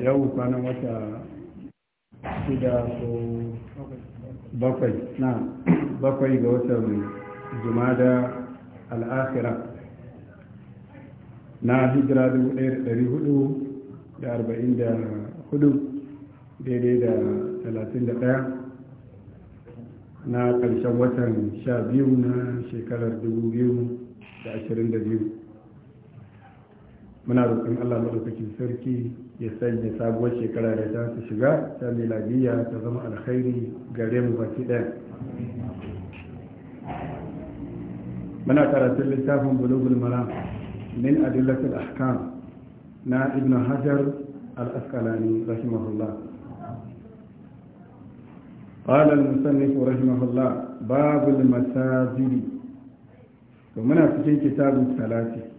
yau kwanan wata shida ko bakwai na bakwai ga watan jumada al'akira na hijira 1444 daidai da 31 na ƙarshen watan 12 na shekarar 2022 muna roƙon Allah madaukakin sarki ya sanya sabuwar shekara da ta su shiga ta miladiyya ta zama alkhairi gare mu baki ɗaya muna karatun littafin bulugul maram min adillatul ahkam na ibn hajar al-asqalani rahimahullah قال المصنف رحمه الله باب المساجد ومنا في كتاب الثلاثه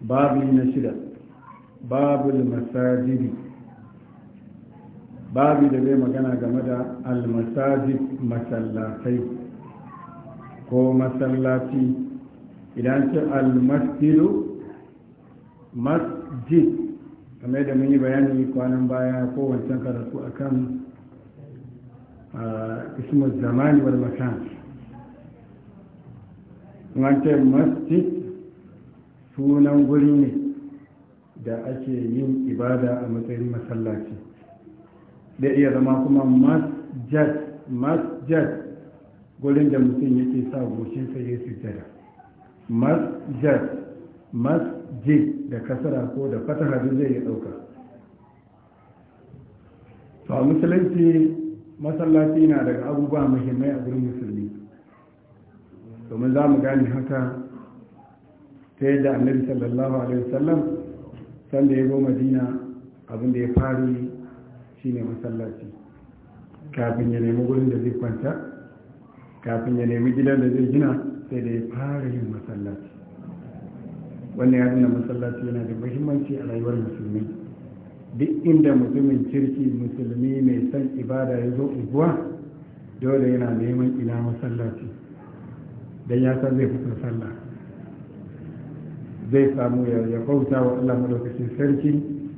babu na shida babu masajidi babu da zai magana game da almasajid masallatai ko masallaci idan ce almasjidu masjid kamar da mun yi bayani kwanan baya ko wancan karatu akan ismu zamani wal makan ce masjid sunan guri ne da ake yin ibada a matsayin masallaci da iya zama kuma masjad masjad gurin da mutum yake sa sa ya sujjada masjad masjid da kasara ko da fataha duk zai dauka to a musulunci masallaci na daga abubuwa muhimmai a gurin musulmi domin za mu gane haka ta da annabi sallallahu alaihi wasallam sanda ya zo madina abin da ya fari ne masallaci kafin ya nemi gurin da zai kwanta kafin ya nemi gidan da zai gina sai da ya fara yin masallaci wannan ya nuna masallaci yana da muhimmanci a rayuwar musulmi duk inda mutumin kirki musulmi mai son ibada ya zo unguwa dole yana neman ina masallaci don ya san zai fitar sallah zai samu ya bauta wa Allah madaukakin sarki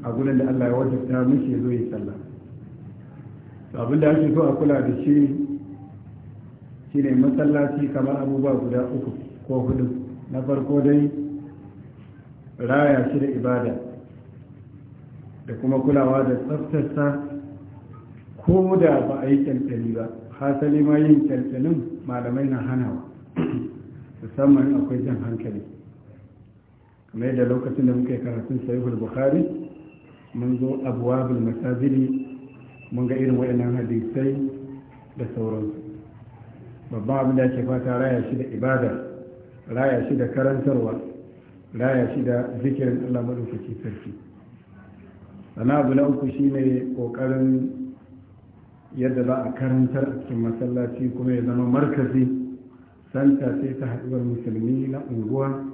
a gurin da Allah ya wajabta mishi zo yi sallah abin da ake so a kula da shi shine masallaci kamar abubuwa guda uku ko hudu na farko dai raya shi da ibada da kuma kulawa da tsaftarsa ko da ba a yi kyalkyali ba hasali ma yin kyalkyalin malamai na hanawa musamman akwai jan hankali kamar yadda lokacin da muke karatun sahihul bukhari mun zo abuwabul masajidi mun ga irin waɗannan hadisai da sauran. babban abin da ke fata raya shi da ibada raya shi da karantarwa raya shi da zikirin allah maɗaukaki sarki sana abu na uku shine ƙoƙarin yadda za a karantar a cikin masallaci kuma ya zama markazi santa sai ta haɗuwar musulmi na unguwa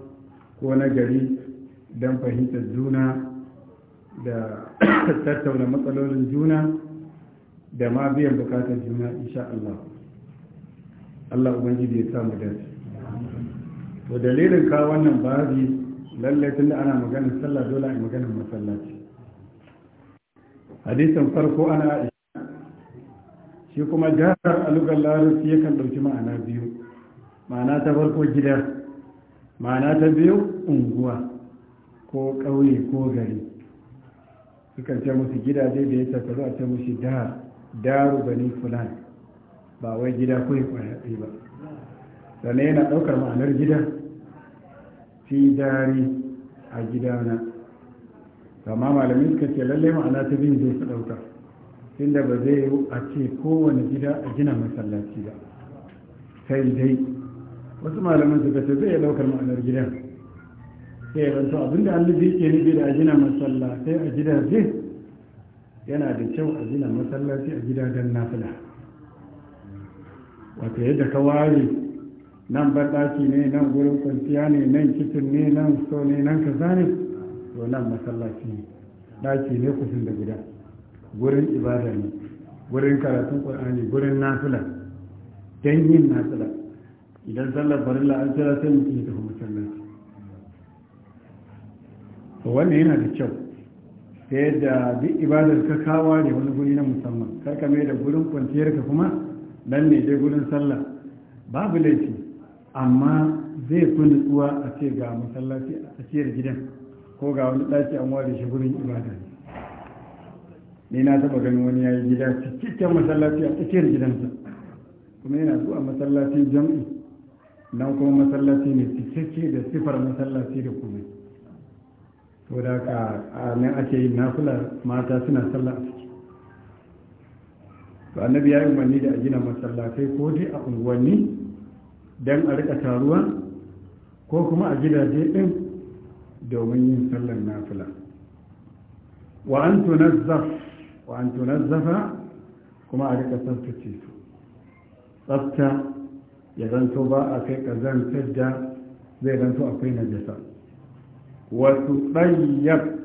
ko na gari don fahimtar juna da tattauna matsalolin juna da ma biyan bukatar juna insha Allah Allah ubangiji ya samu dace to dalilin ka wannan babi lallai tunda ana maganar sallah dole a maganar masallaci hadisin farko ana shi kuma jihar alugar larabci yakan ɗauki ma'ana biyu ma'ana ta farko gida ma'ana ta biyu unguwa ko ƙauye ko gari sukan ce musu gidaje da ya za a ce musu dahar daru bani fulan ba wai gida ko ya ba sannan yana ɗaukar ma'anar gida fi dari a gida na amma malami suka ce lallai ma'ana ta biyu zai su ɗauka inda ba zai yi a ce kowane gida a gina masallaci ba sai dai wasu malaman suka ce zai daukar ma'anar gidan sai ya rantsu abinda annabi yake nufi da ajina sai a gidaje yana da kyau a gina masallaci a gidajen nafila wata yadda ka ware nan banɗaki ne nan gurin kwanciya ne nan kicin ne nan so ne nan kaza ne to nan masallaci ne ɗaki ne kusin da gida gurin ibada ne gurin karatun ƙwar'ani gurin nafila don yin nafila idan sallar farilla an kira sai mutum ya tafi masallaci to wanne yana da kyau ta yadda duk ibadar ka kawa ne wani guri na musamman kar ka mai da gurin kwanciyar ka kuma nan ne dai gurin sallah babu laifi amma zai fi nutsuwa a ce ga masallaci a tsakiyar gidan ko ga wani ɗaki an ware shi gurin ibada ne ni na taba ganin wani yayi gida cikakken masallaci a tsakiyar gidansa kuma yana zuwa masallacin jam'i nan kuma masallaci ne cikakke da sifar masallaci da kuma. to da ka nan ake yin nafula mata suna sallah a ciki to annabi ya yi umarni da a gina masallatai ko dai a unguwanni don a rika taruwa ko kuma a gidaje din domin yin sallar nafula wa an tunazzaf wa an tunazzafa kuma a rika tsaftace su tsafta ya zanto ba a kai ƙazantar da zai zanto akwai najasa wasu tsayyab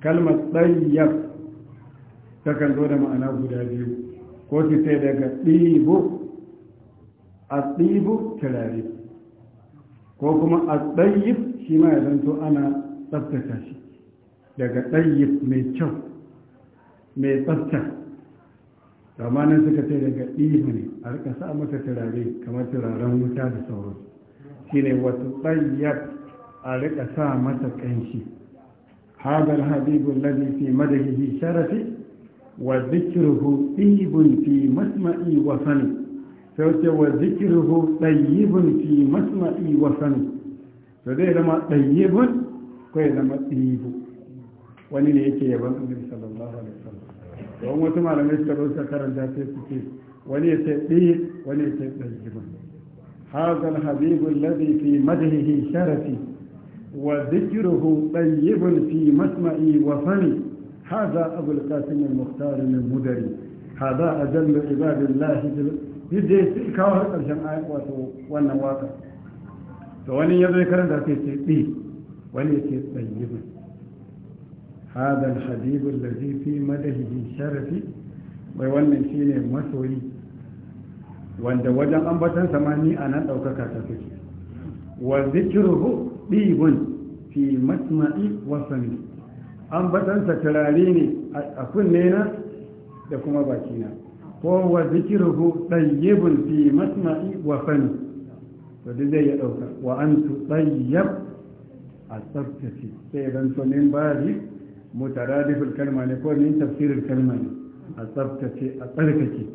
kalmar ta takan zo da ma'ana guda biyu ko ki sai daga ɗibu a ɗibu turare ko kuma a tsayyib shi ma ya zanto ana tsabtata shi daga tsayyib mai kyau mai tsabta amma suka ce daga ihu ne a rika sa masa turare kamar turaren wuta da shi shine wasu tsayyar a rika sa masa kanshi hadar habibun lalli fi madahihi sharafi wa zikirhu ɗibun fi masma'i wa sani sau ce wa zikirhu ɗayyibun fi masma'i wa sani to zai zama ɗayyibun ko ya zama ɗibu wani ne yake yaban annabi sallallahu alaihi don wasu malamai suka rosa karanta sai su ce wani ya ce ɗi wani ya ɗan jima hazal Habibu ladi fi madahihi sharafi wa zikiruhu yi fi masma'i wa fani haza abul qasim al-mukhtar min mudari haza ajallu ibadillahi bil yadda ya kawo har ƙarshen wato wannan waka to wani ya karanta sai sai ɗi wani ya ce jima. هذا الحبيب الذي في مدهه شرفي wai wannan shi masoyi wanda wajen ambatan samani a nan ɗaukaka ta suke wa zikiruhu ɗibun fi masma'i wasani ambatansa turare ne a kunne na da kuma bakina ko wa zikiruhu ɗayyibun fi masma'i zai ya ɗauka wa an su ɗayyab a tsabtace sai bari mutaradiful kalma ne ko min tafsirin kalma ne a tsaftace a tsarkake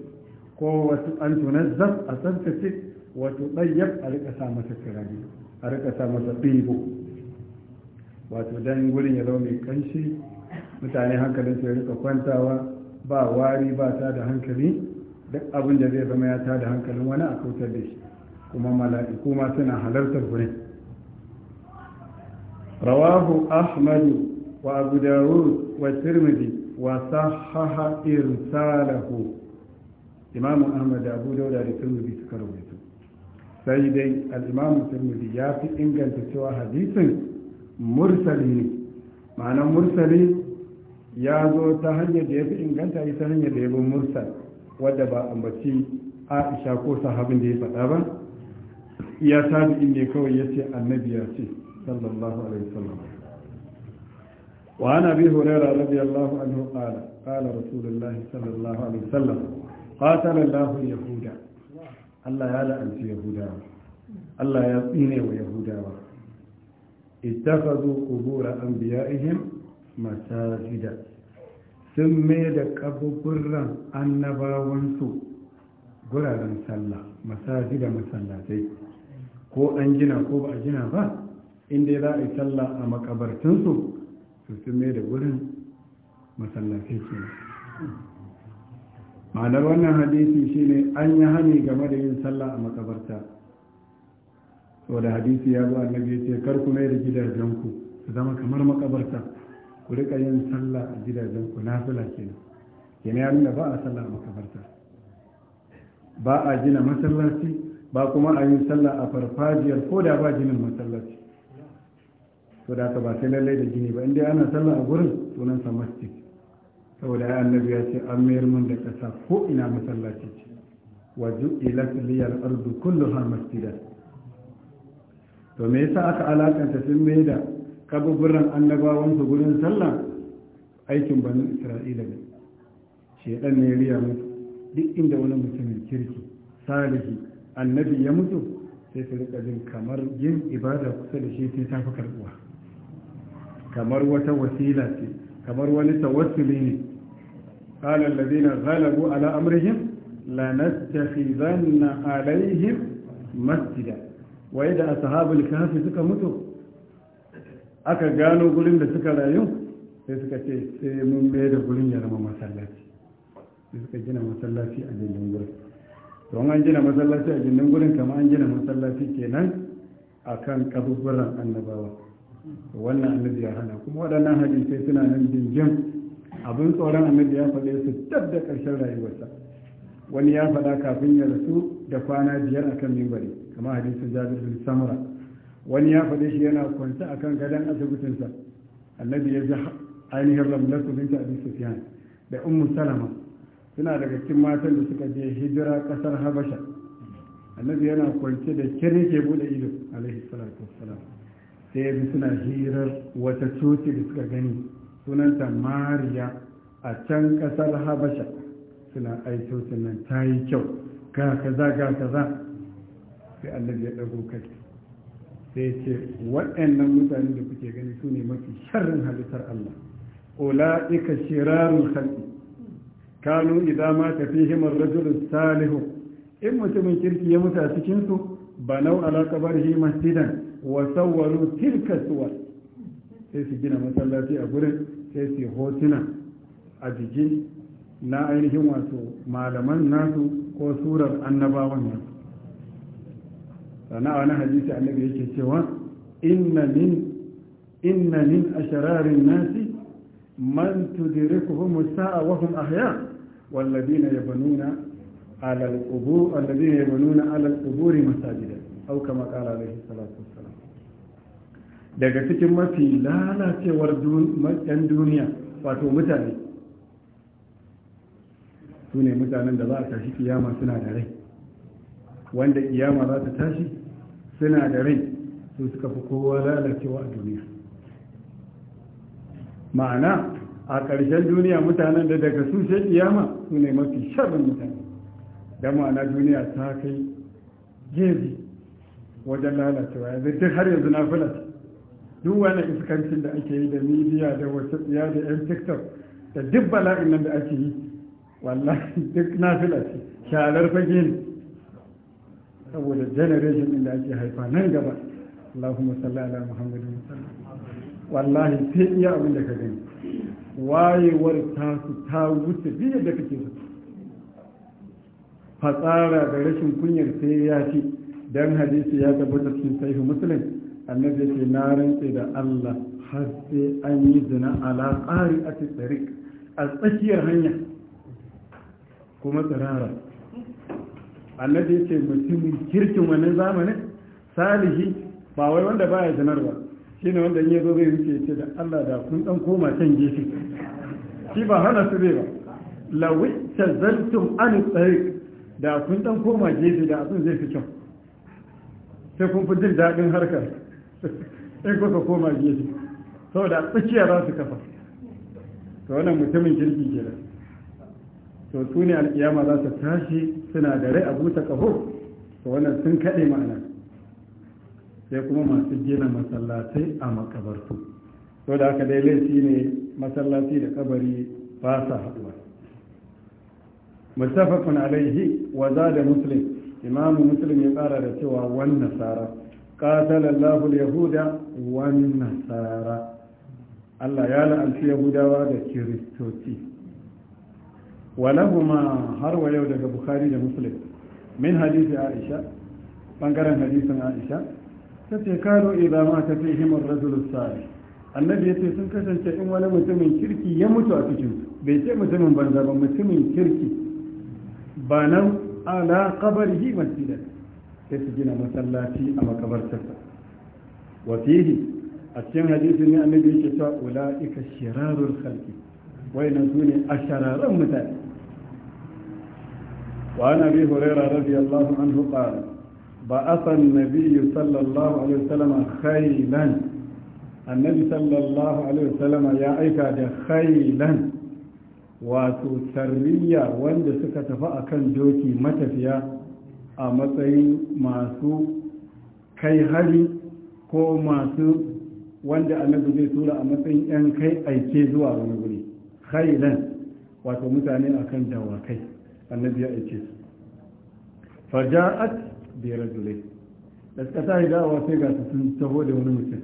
ko wasu an tunazzaf a tsabtace wato ɗayyab a rika sa masa kirani a rika sa masa wato dan gurin ya zama mai kanshi mutane hankalin su ya rika kwantawa ba wari ba ta da hankali duk abin da zai zama ya ta da hankalin wani a kautar da shi kuma mala'iku ma suna halartar gurin rawahu ahmadu وأبو داود والترمذي وصحح إرساله إمام أحمد أبو داود الترمذي سكرويته سيدي الإمام الترمذي يافي إن كانت سوى حديث مرسلين معنى مرسلين ya zo ta hanyar da ya fi inganta yi ta hanyar da ya bin mursal wadda ba ambaci aisha ko sahabin da ya faɗa ba ya tabi ne kawai ya ce annabi ya ce sallallahu alaihi wasallam وعن أبي هريرة رضي الله عنه قال قال رسول الله صلى الله عليه وسلم قاتل الله اليهود الله يا لأنت يهودا الله يطيني ويهودا اتخذوا قبور أنبيائهم مساجدا سمي لكبر النبا وانسو guraren sallah masaji da masallatai ko an gina ko ba a gina ba inda za a yi sallah a makabartunsu to sun mai da wurin masallaci ke ma'anar wannan hadisi shine an yi hani game da yin sallah a makabarta sau da hadisi ya zuwa na biyu ce kar ku mai da gidajenku su zama kamar makabarta ku rika yin sallah a gidajenku na fila kenan yana ya nuna ba a sallah a makabarta ba a gina masallaci ba kuma a yi sallah a farfajiyar ko da ba ginin masallaci to da ba sai lallai da gini ba inda ana sallah a gurin sunansa masjid saboda ya annabi ya ce an mayar mun da ƙasa ko ina masallaci ce wa ju'ilat liyal ardu kulluha masjida to me yasa aka alakanta sun mai da kaburburan annabawan su gurin sallah aikin banin isra'ila ne shedan ne riya mutu duk inda wani mutumin kirki salihi annabi ya mutu sai su rika jin kamar yin ibada kusa da shi sai ta fi karbuwa kamar wata wasila ce kamar wani tawassuli ne qala ladina ghalabu ala amrihim nastakhizanna alaihim masjida wa da ashabul kahfi suka mutu aka gano gurin da suka rayu sai suka ce sai mun mai da gurin ya zama masallaci sai suka gina masallaci a gindin gurin don an gina masallaci a gindin gurin kama an gina masallaci kenan akan kaburburan annabawa wannan annabi ya hana kuma waɗannan hadisai suna nan jinjin abin tsoron annabi ya faɗe su tab da ƙarshen rayuwarsa wani ya faɗa kafin ya rasu da kwana biyar akan mimbari kamar hadisin jabir bin samura wani ya faɗe shi yana kwance akan gadon asibitinsa annabi ya ji ainihin ramlatu binta abin sufiyan da ummu salama suna daga cikin matan da suka je hijira ƙasar habasha annabi yana kwance da kere ke buɗe ido alaihi salatu wassalam sai suna hirar wata coci da suka gani sunanta mariya a can kasar habasha suna aitocin nan ta yi kyau ga kaza ga kaza sai annabi ya ɗago kai sai ce waɗannan mutane da kuke gani su ne mafi sharrin halittar allah ula'ika shirarun halki kanu idan ma tafihim himar rajulun salihu in mutumin kirki ya mutu a cikinsu? ba nau ala masjidan wa sawwaru tilka suwar sai su gina masallaci a gurin sai su hotuna a jikin na ainihin wato malaman nasu ko surar annabawan nasu na wani hadisi annabi yake cewa inna min inna min nasi man tudrikuhum sa'a wa hum ahya والذين يبنون على القبور الذين يبنون على القبور مساجدا kama kala alaihi salatu wassalam daga cikin mafi lalacewar yan duniya wato mutane su ne mutanen da za a tashi kiyama suna da rai wanda kiyama za ta tashi suna da rai su suka fi kowa lalacewa a duniya ma'ana a ƙarshen duniya mutanen da daga su sai kiyama su ne mafi sharrin mutane da ma'ana duniya ta kai jeji wajen lalacewa yanzu duk har yanzu na fula duk wani iskancin da ake yi da midiya da wasu tsiya da yan tiktok da duk bala'in nan da ake yi wallahi duk na fula ce shalar fage ne saboda generation din da ake haifa nan gaba Allahumma salli ala Muhammadu wallahi sai iya abin da ka gani wayewar tasu ta wuce biyar da kake zato da rashin kunyar sai ya ce dan hadisi ya tabbata cikin sahihu muslim annabi yake na rantse da Allah har sai an yi zina ala qari at-tariq a tsakiyar hanya kuma tsarara annabi yake mutumin kirkin wannan zamanin salihi ba wai wanda baya zinar ba shine wanda in zo zai wuce ce da Allah da kun dan koma can gefe shi ba hana su be ba lawi tazaltum an tariq da kun dan koma gefe da abin zai fi kyau sai kun fi jin daɗin harkar in kuka koma gefe saboda tsakiya za su kafa to wannan mutumin kirki ke to su ne alkiyama za su tashi suna da rai a buta kaho to wannan sun kaɗe ma'ana sai kuma masu gina masallatai a makabartu to da aka dai laifi ne masallaci da kabari ba sa haɗuwa kun alaihi wa za da muslim imamu muslim ya kara da cewa wan nasara qatala Allahu yahuda wan nasara Allah ya la'anci yahudawa da kiristoci walahuma har wa yau daga bukhari da muslim min hadisi aisha bangaren hadisin aisha ta ce kano idan ma ta fi himar rajulun sa'ari annabi ya ce sun kasance in wani mutumin kirki ya mutu a cikin bai ce mutumin banza ba mutumin kirki ba nan على قبره مسجدا كسجنا مسلاتي أما قبر سفا وفيه أسين حديث من النبي شسا أولئك الشرار الخلق وإن دون أشرار مثال وعن أبي هريرة رضي الله عنه قال بعث النبي صلى الله عليه وسلم خيلا النبي صلى الله عليه وسلم يا أيكا خيلا wato sarriya wanda suka tafi kan doki matafiya a matsayin masu kai hari ko masu wanda annabi zai tura a matsayin 'yan kai aike zuwa wani guri khailan wato mutane a kan dawakai annabi ya aike su faja'at bi zule da suka tashi dawa sai ga su sun taho da wani mutum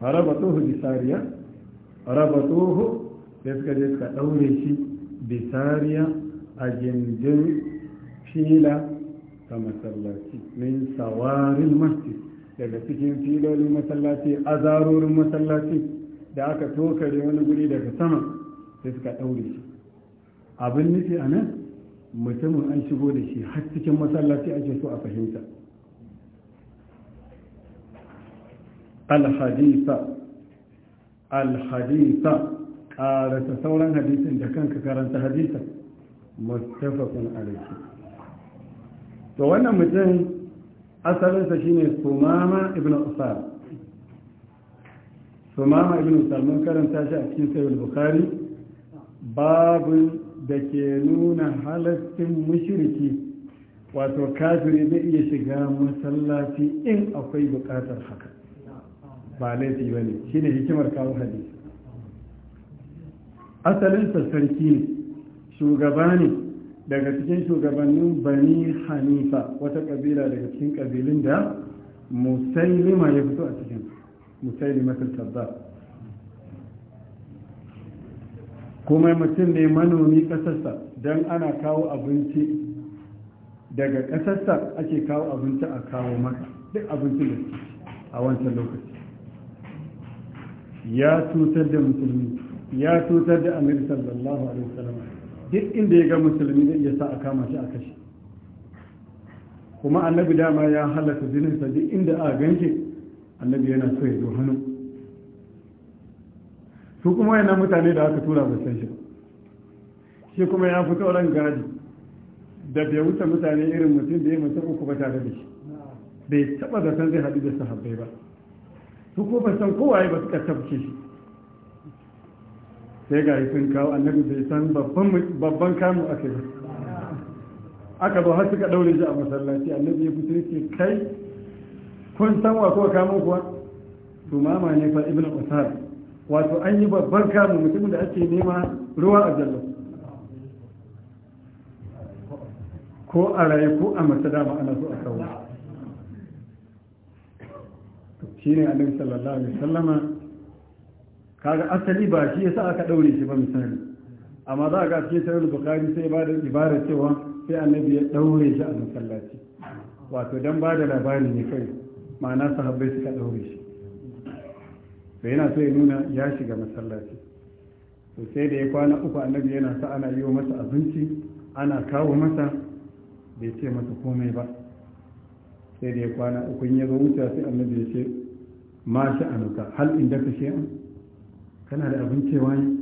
rabatuhu a raba tsohu. sai suka je suka ɗaure shi bisariya a gindin fila ta masallaci min sawarin masjid daga cikin filolin masallaci azarorin masallaci da aka tokare wani guri daga sama sai suka ɗaure shi abin nufi a nan mutumin an shigo da shi har cikin masallaci ake so a fahimta alhadisa hadisa. a rasa sauran hadisin da kanka karanta hadisin mustafakun alaiki to wannan mutum asalinsa shine sumama ibn usar sumama ibn usar mun karanta shi a cikin sayar bukari babu da ke nuna halattun mushiriki, wato kafiri zai iya shiga masallaci in akwai bukatar haka ba laifi ba ne shine hikimar kawo hadisi asalinsa sarki ne shugaba ne daga cikin shugabannin bani hanifa wata kabila daga cikin kabilin da musailima ya fito a cikin musailima tabbas kuma mutum ne manomi kasarsa don ana kawo abinci daga ƙasarsa ake kawo abinci a kawo maka duk abincin da a wancan lokaci ya cutar da musulmi ya cutar da Amir sallallahu alaihi wasallam duk inda ya ga musulmi zai iya sa a kama shi a kashe kuma annabi dama ya jinin sa duk inda a ganke annabi yana so ya zo hannu su kuma yana mutane da aka tura bai san shi shi kuma ya fito ran gadi da bai wuce mutane irin mutum da ya mutum uku ba tare da shi bai taba da san zai haɗu da sahabbai ba su ko ba san kowaye ba suka tabke shi sai ga sun kawo annabi bai san babban kamu aka yi aka zo har suka daure shi a masallaci annabi ya fito ce kai kun san wa kuwa kamo kuwa to mama ne fa ibnu usar wato an yi babban kamu mutumin da ake nema ruwa a jallo ko a raye ko a mace dama ana so a kawo shi ne annabi sallallahu alaihi wasallama kaga asali ba shi yasa aka daure shi ba misali amma za a ga cikin sahih bukhari sai ba da ibara cewa sai annabi ya daure shi a masallaci wato dan ba da labari ne kai ma'ana sahabbai suka daure shi to yana so ya nuna ya shiga masallaci to sai da ya kwana uku annabi yana sa ana yi masa abinci ana kawo masa bai ce masa komai ba sai da ya kwana uku ya zo wuce sai annabi ya ce ma sha'anuka hal inda ka shi'an kana da abin cewa yi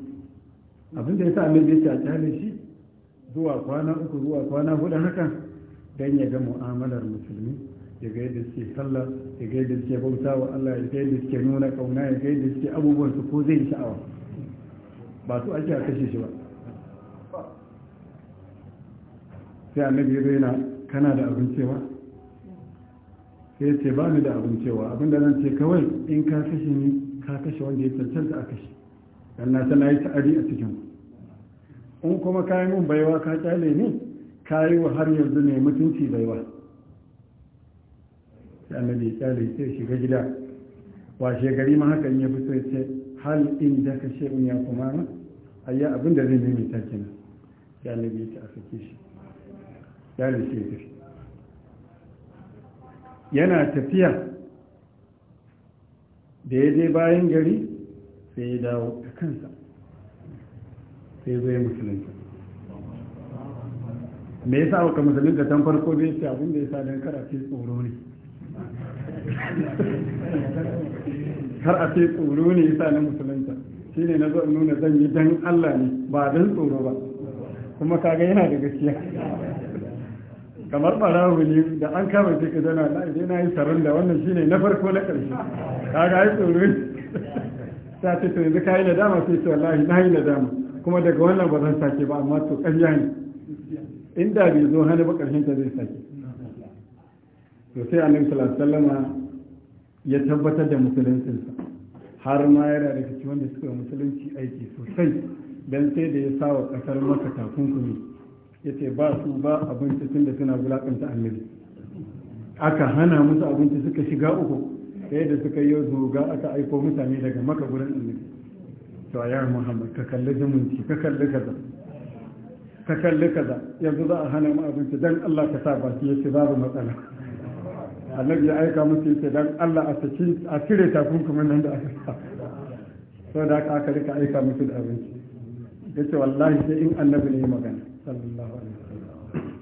abin da ya sa annabi ya ta a shi zuwa kwana uku zuwa kwana hudu haka dan ya ga mu'amalar musulmi ya ga yadda suke sallah ya ga yadda suke bauta wa Allah ya ga yadda suke nuna kauna ya ga yadda suke abubuwan su ko zai sha'awa ba su ake a kashe shi ba sai annabi ya yana kana da abin cewa sai ce ba ni da abin cewa abin da zan ce kawai in ka kashe ni ka kashe wanda ya cancanta a kashe dan tana yi ta'adi a cikin in kuma ka yi mun baiwa ka kyale ni ka yi wa har yanzu ne mutunci baiwa sai annabi ya kyale sai shiga gida wa gari ma haka in ya fito ya ce hal in da ka ce in ya kuma na ayya abin da zai nemi ta kenan sai annabi ya ce a sake shi kyale shi ya tafi yana tafiya da ya je bayan gari sai ya dawo da kansa sai ya zo ya musulunta me yasa baka musulunta tan farko bai ce abin da yasa dan karafe tsoro ne kar a ce tsoro ne ya sa na musulunta shine na zo nuna zan yi dan Allah ne ba dan tsoro ba kuma kaga yana da gaskiya kamar barawu ne da an kama shi ka zana na je na yi sarin da wannan shine na farko na ƙarshe kaga ai tsoro ne sai ce to yanzu kayi nadama sai ce wallahi na yi nadama kuma daga wannan ba zan sake ba amma to ƙarya ne inda bai zo hannu ba ƙarshen ta zai sake to sai annabi sallallahu alaihi ya tabbatar da musuluncinsa har ma yana da kici wanda suka musulunci aiki sosai dan sai da ya sa wa ƙasar maka takunkumi ya ce ba su ba abinci tun da suna bulaƙanta annabi aka hana musu abinci suka shiga uku sai da suka yi a aka aiko mutane daga maka gurin annabi to ya muhammad ka kalli zumunci ka kalli kaza ka kalli kaza yanzu za a hana mu abinci dan Allah ka sa baki yace babu matsala annabi ya aika musu ce dan Allah a saki a cire takunkumin nan da aka sa so da aka aka rika aika musu da abinci yace wallahi sai in annabi ne magana sallallahu alaihi wasallam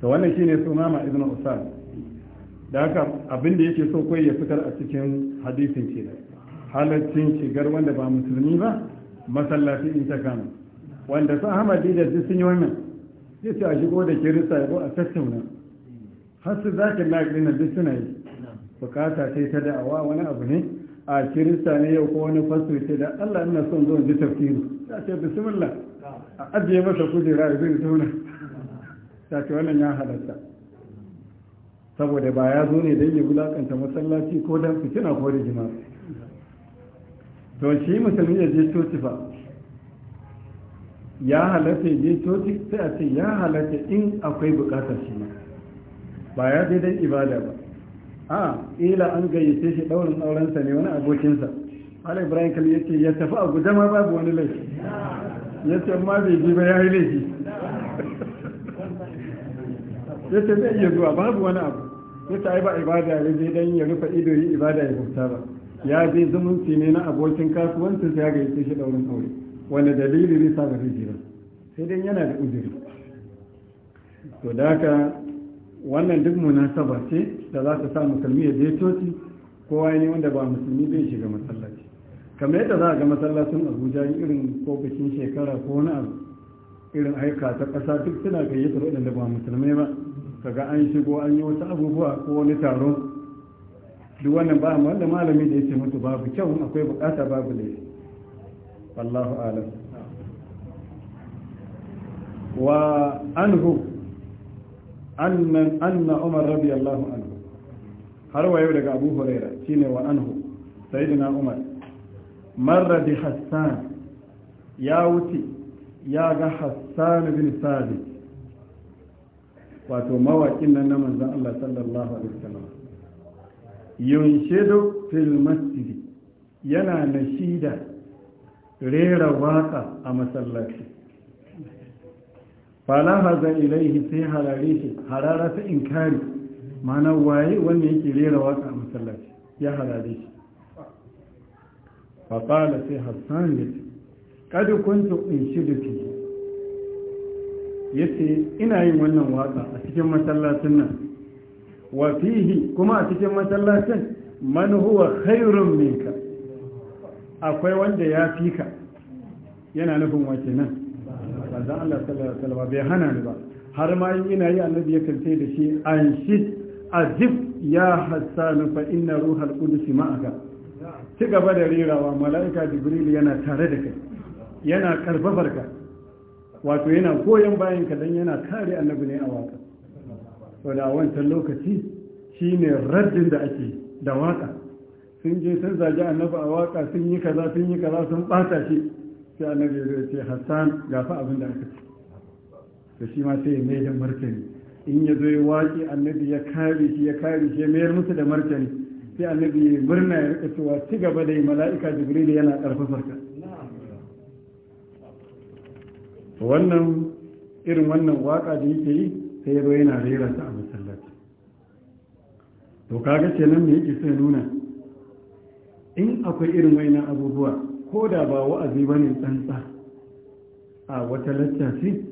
to wannan shine sunama ibnu usama da haka abin da yake so kai ya fitar a cikin hadisin da halaccin shigar wanda ba musulmi ba masallaci in ta kama wanda sa hamadi da sun yi wannan ya ce a shigo da kirista ya a tattauna har su za ka lafi na duk suna yi bukata sai ta da'awa wani abu ne a kirista ne yau ko wani fasir ce da allah ina son zuwa ji tafsiri ta ce bismillah a ajiye masa kujera ya zai zauna ta ce wannan ya halatta saboda ba ya zo ne don ya wulakanta masallaci ko don fitina ko jima'a. to shi musulmi ya je coci fa ya halatta ya je coci sai a ce ya halatta in akwai bukatar shi ma ba ya je don ibada ba a ila an gayyace shi daurin aurensa ne wani abokinsa Ali ibrahim kalli ya ce ya tafi a guje ma babu wani laifi ya ce ma bai ji ba ya yi laifi ya ce zai iya zuwa babu wani abu yasa ai ba ibada ya je dan ya rufe ido yi ibada ya bauta ba ya je zumunci ne na abokin kasuwanci sai ya yake shi daurin aure wanda dalili ne sa ga zai sai dan yana da uzuri to da haka wannan duk munasaba ce da za ta sa musulmi ya je coci kowa ne wanda ba musulmi bai shiga masallaci kamar yadda za a ga masallacin abuja irin ko bikin shekara ko wani abu irin aika ta ƙasa duk suna gayyatar waɗanda ba musulmai ba kaga an shigo an yi wasu abubuwa ko wani taro duk wannan ba wanda malami da yake mutu babu kyau akwai bukata babu ne wallahu alam wa anhu annan anna umar radiyallahu anhu har wa yau daga abu huraira shine wa anhu sayyidina umar marra bi hassan ya wuce ya ga hassan bin sabit wato mawaƙin nan na manzan Allah sallallahu alaihi wasallam yunshidu fil masjidi yana nashida rera waka a masallaci haza ilaihi sai harare shi harara ta inkari mana waye wanda yake rera waka a masallaci ya harare shi faƙala sai hassan ya ce ƙadu kuntu in shidu fiye ya ce ina yin wannan waka a cikin masallacin nan wa fihi kuma a cikin masallacin man huwa khairun minka akwai wanda ya fi ka yana nufin wace nan bazan Allah sallallahu alaihi wasallam bai hana ni ba har ma ina yi annabi yakan ce da shi an shi azif ya hassanu fa inna ruhal qudus ma'aka ci gaba da rirawa mala'ika jibril yana tare da kai yana karfafar ka wato yana goyon bayan ka dan yana kare annabi ne a waka to da wancan lokaci shine raddin da ake da waka sun je sun zaji annabi a waka sun yi kaza sun yi kaza sun bata shi sai annabi ya ce Hassan gafa abin da aka ce to shi ma sai ya mai da martani in ya zo ya waki annabi ya kare shi ya kare shi ya mayar musu da martani sai annabi murna ya rika cewa ci gaba da mala'ika jibril yana karfafarka ka wannan irin wannan waka da yake yi sai ya zo yana rera ta a masallaci to kaga kenan me yake sai nuna in akwai irin wayannan abubuwa ko da ba wa'azi bane tsantsa a wata lattafi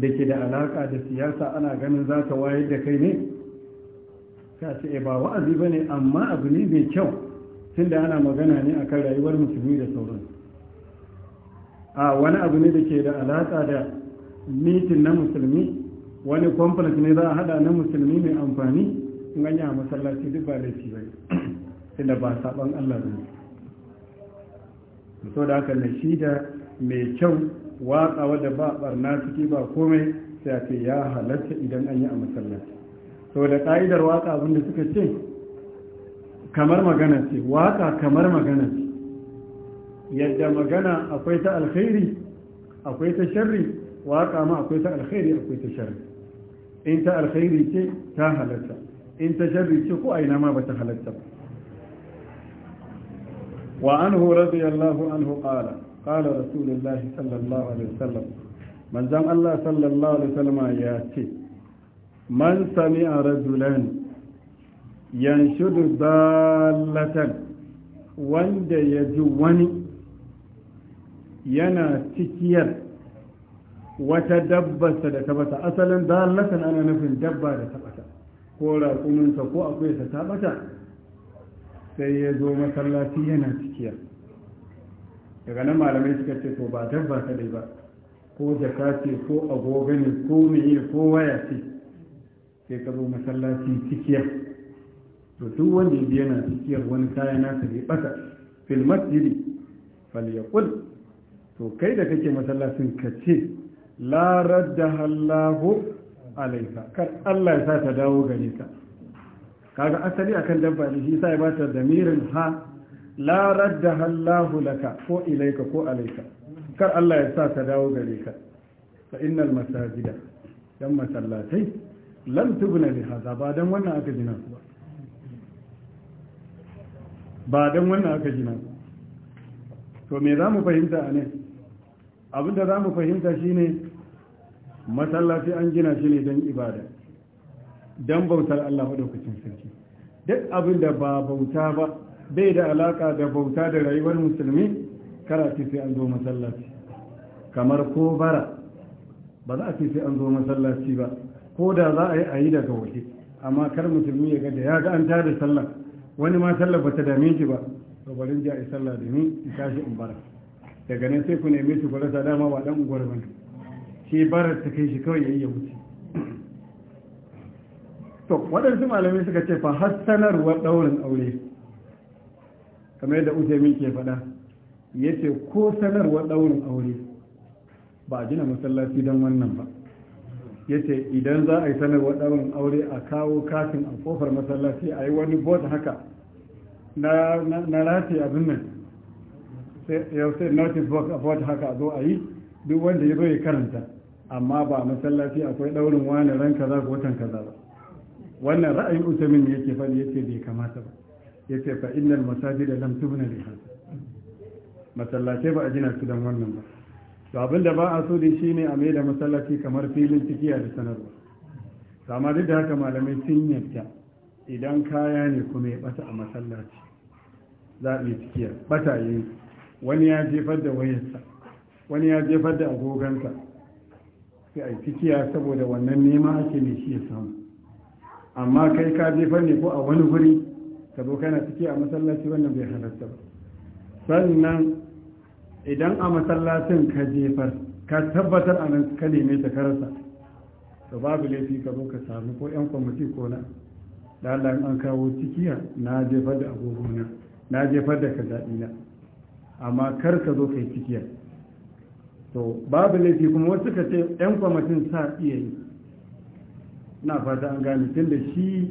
da ke da alaka da siyasa ana ganin za ta wayar da kai ne ka ce eh, ba wa'azi bane amma abu ne mai kyau tunda ana magana ne akan rayuwar musulmi da sauransu a wani abu ne da ke da alaƙa da mitin na musulmi wani conference ne za a hada na musulmi mai amfani in ganya a masallaci duk ba laifi ba tunda ba saɓon Allah ne so da na nashida mai kyau watsa wadda ba ɓarna ciki ba komai sai a ce ya halatta idan an yi a masallaci so da ƙa'idar watsa abinda suka ce kamar magana ce watsa kamar magana ce yadda magana akwai ta alkhairi akwai ta sharri waƙa ma akwai ta alkhairi akwai ta sharri in ta alkhairi ce ta halatta in ta sharri ce ko aina ma ba ta halatta ba wa anhu radiyallahu anhu qala qala rasulullahi sallallahu alaihi wasallam manzon Allah sallallahu alaihi wasallam ya ce man sami sami'a rajulan yanshudu dallatan wanda ya ji wani yana cikiyar wata dabbarsa da ta bata asalin dalatan ana nufin dabba da ta bata ko raƙuminsa ko akwai ta bata sai ya zo masallaci yana cikiyar daga nan malamai suka ce to ba dabba kadai ba ko jaka ce ko agogo ne ko meye ko waya ce sai ka zo masallacin cikiyar to duk wanda ya yana cikiyar wani kaya nasa bai bata fil masjidi falyakul to kai da kake masallacin ka ce la radda hallahu alaika kar Allah ya sa ta dawo gare ka kaga asali akan dabba ne shi sai ba ta damirin ha la radda hallahu laka ko ilaika ko alaika kar Allah ya sa ta dawo gare ka fa innal masajida dan masallatai lam tubna li hada ba dan wannan aka gina ba ba dan wannan aka gina su to me za mu fahimta a abinda za mu fahimta shine masallaci an gina shi ne don ibada don bautar Allah maɗaukacin sarki duk abinda ba bauta ba bai da alaka da bauta da rayuwar musulmi karatu sai an zo masallaci kamar ko bara ba za a ce sai an zo masallaci ba ko da za a yi a yi daga waje amma kar musulmi ya ga da ya ga an tada sallah wani ma sallah ta dame shi ba to bari ji a yi sallah da ni in tashi in bara daga nan sai ku neme shi ku rasa dama ba dan unguwar ba shi barar ta kai shi kawai yayi ya wuce to waɗansu malamai suka ce fa hassanarwar ɗaurin aure kamar yadda min ke faɗa ya ce ko sanarwar ɗaurin aure ba a gina masallaci don wannan ba ya idan za a yi sanarwar ɗaurin aure a kawo katin a kofar masallaci a yi wani bot haka na rati abin nan sai notice box a haka a zo a yi duk wanda ya zo ya karanta amma ba masallaci akwai ɗaurin wani ran kaza ko watan kaza ba wannan ra'ayin usamin yake faɗi ce bai kamata ba yace fa innal masajid lam tubna li hada masallace ba a gina su dan wannan ba to abin da ba a so shi ne a da masallaci kamar filin tikiya da sanarwa amma duk da haka malamai sun yadda idan kaya ne kuma ya bata a masallaci za a iya tikiya bata yin wani ya jefar da wayarsa wani ya jefar da agogansa sai a yi saboda wannan nema ake ne shi ya samu amma kai ka jefar ne ko a wani wuri ka zo kana ciki a masallaci wannan bai halatta ba sannan idan a masallacin ka jefar ka tabbatar a nan ka neme ta karasa to babu laifi ka zo ka samu ko yan kwamiti ko na da Allah an kawo cikiya na jefar da agogona na jefar da kaza'ina amma kar ka zo kai cikiya to babu laifi kuma wasu ka ce yan kwamitin sa iya yi na fata an gane tun da shi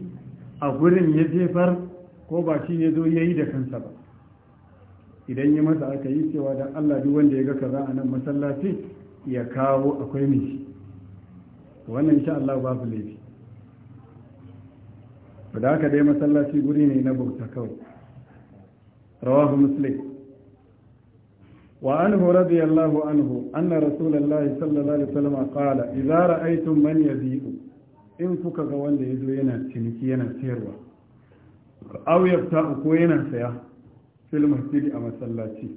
a gurin ya jefar ko ba shi ya zo ya yi da kansa ba idan ya masa aka yi cewa da allah duk wanda ya ga kaza a nan masallaci ya kawo akwai mishi wannan insha allah babu laifi da haka dai masallaci guri ne na bauta kawai rawahu muslim وعنه رضي الله عنه أن رسول الله صلى الله عليه وسلم قال إذا رأيتم من يبيع إن فك قوان يدو ينا تشنكي ينا سيروا أو يبتاء كوينا سيا في المسجد أما سلاتي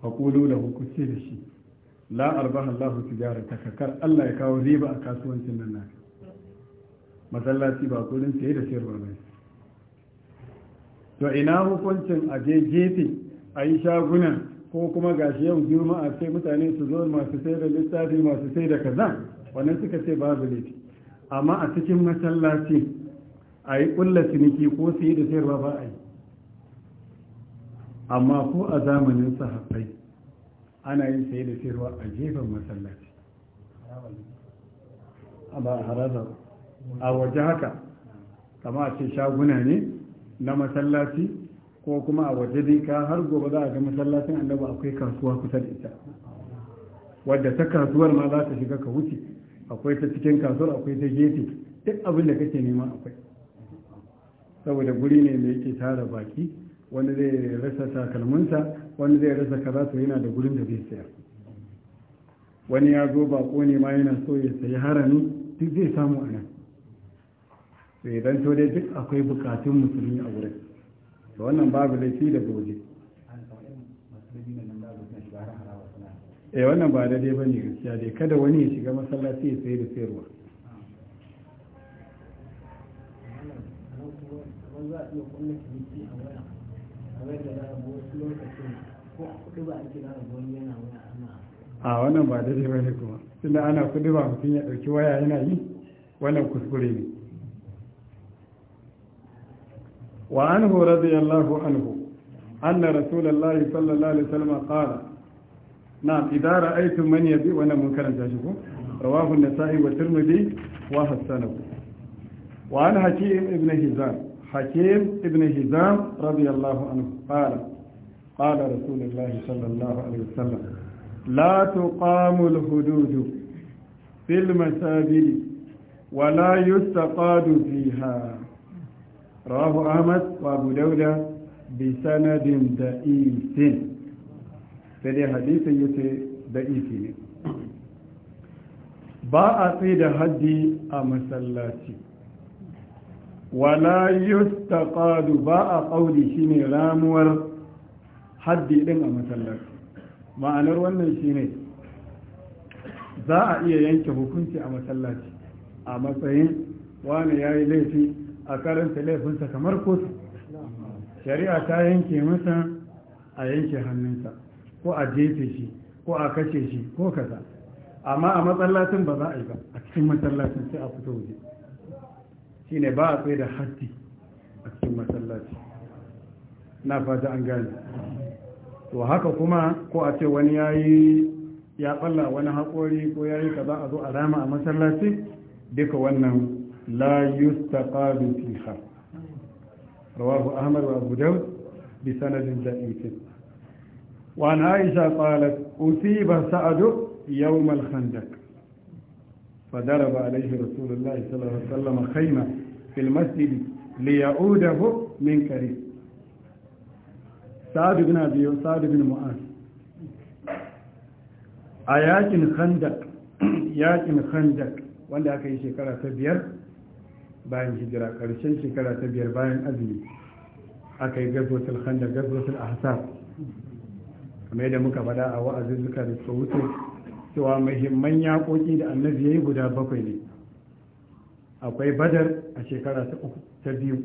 فقولوا له كسير الشيء لا أرباح الله تجارتك كر ألا يكاو ريبا أكاسوان سننا masallaci ba kudin saye da sayarwa ba to ina hukuncin a je gefe a yi shagunan ko kuma gashi yau a sai mutane su zo masu sai da littafi masu sai da kaza wannan suka ce babu laifi amma a cikin masallaci a yi ƙulla ciniki ko su yi da sayarwa ba a yi amma ko a zamanin sahabbai ana yin saye da sayarwa a jefan masallaci a ba a a waje haka kama a ce shaguna ne na masallaci ko kuma a waje dai ka har gobe za a ga masallacin annabi akwai kasuwa kusa da ita wadda ta kasuwar ma za ta shiga ka wuce akwai ta cikin kasuwar akwai ta gefe duk abin da kake nema akwai saboda guri ne mai yake tara baki wani zai rasa takalminsa wani zai rasa kaza to yana da gurin da zai saya wani ya zo bako ne ma yana so ya sayi harami duk zai samu a nan to idan to dai duk akwai bukatun musulmi a wurin da wannan babu laifi da goje eh wannan ba dai bane gaskiya dai kada wani ya shiga masallaci ya sayi da sayarwa a wannan ba da dai bane kuma tunda ana kudi ba mutum ya dauki waya yana yi wannan kuskure ne وعنه رضي الله عنه أن رسول الله صلى الله عليه وسلم قال نعم إذا رأيتم من يبيع وأنا منكرا تشوفوا رواه النسائي والترمذي وحسنه وعن حكيم ابن هزام حكيم ابن هزام رضي الله عنه قال قال رسول الله صلى الله عليه وسلم لا تقام الحدود في المساجد ولا يستقاد فيها rawahu ahmad wa abu dauda bi sanadin da'isin sai dai hadisin yace da'isi ne ba a tsaye da haddi a masallaci wala yustaqadu ba a ƙauli shine ramuwar haddi din a masallaci ma'anar wannan shine za a iya yanke hukunci a masallaci a matsayin wani ya yi laifi a karanta laifinsa kamar kotu shari'a ta yanke masa a yanke hannunsa ko a jefe shi ko a kashe shi ko kaza amma a matsalatin ba za a yi ba a cikin matsalatin sai a fito waje shi ne ba a tsaye da haddi a cikin matsalatin na fata an gane to haka kuma ko a ce wani ya yi ya tsalla wani haƙori ko ya yi kaza a zo a rama a matsalatin duka wannan la yustaqalu fiha rawahu ahmad wa abu daud bi sanadin da'if wa an aisha qalat usiba sa'adu yawm al-khandaq فضرب عليه رسول الله صلى الله عليه وسلم خيمة في المسجد ليعوده من قريب سعد بن أبي سعد بن a yakin khandak yakin khandak wanda aka yi shekara ta biyar bayan hijira ƙarshen shekara ta biyar bayan azumi aka yi gazwatul khandar gazwatul ahsab kamar yadda muka faɗa a wa'azin zuka da suka wuce cewa muhimman yaƙoƙi da annabi yi guda bakwai ne akwai badar a shekara ta uku ta biyu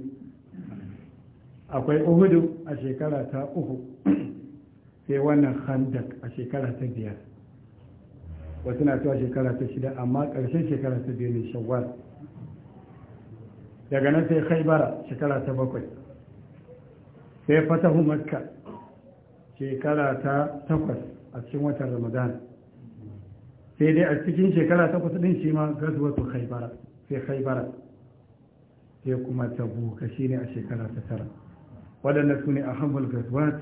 akwai uhudu a shekara ta uku sai wannan khandak a shekara ta biyar wasu na cewa shekara ta shida amma ƙarshen shekara ta biyar ne shawwal daga nan sai khaibara shekara ta bakwai sai fatahu makka shekara ta takwas a cikin watan ramadan sai dai a cikin shekara takwas din shi ma gazuwatu khaibara sai khaibara sai kuma ka shi ne a shekara ta tara waɗanda su ne a hamul gazuwat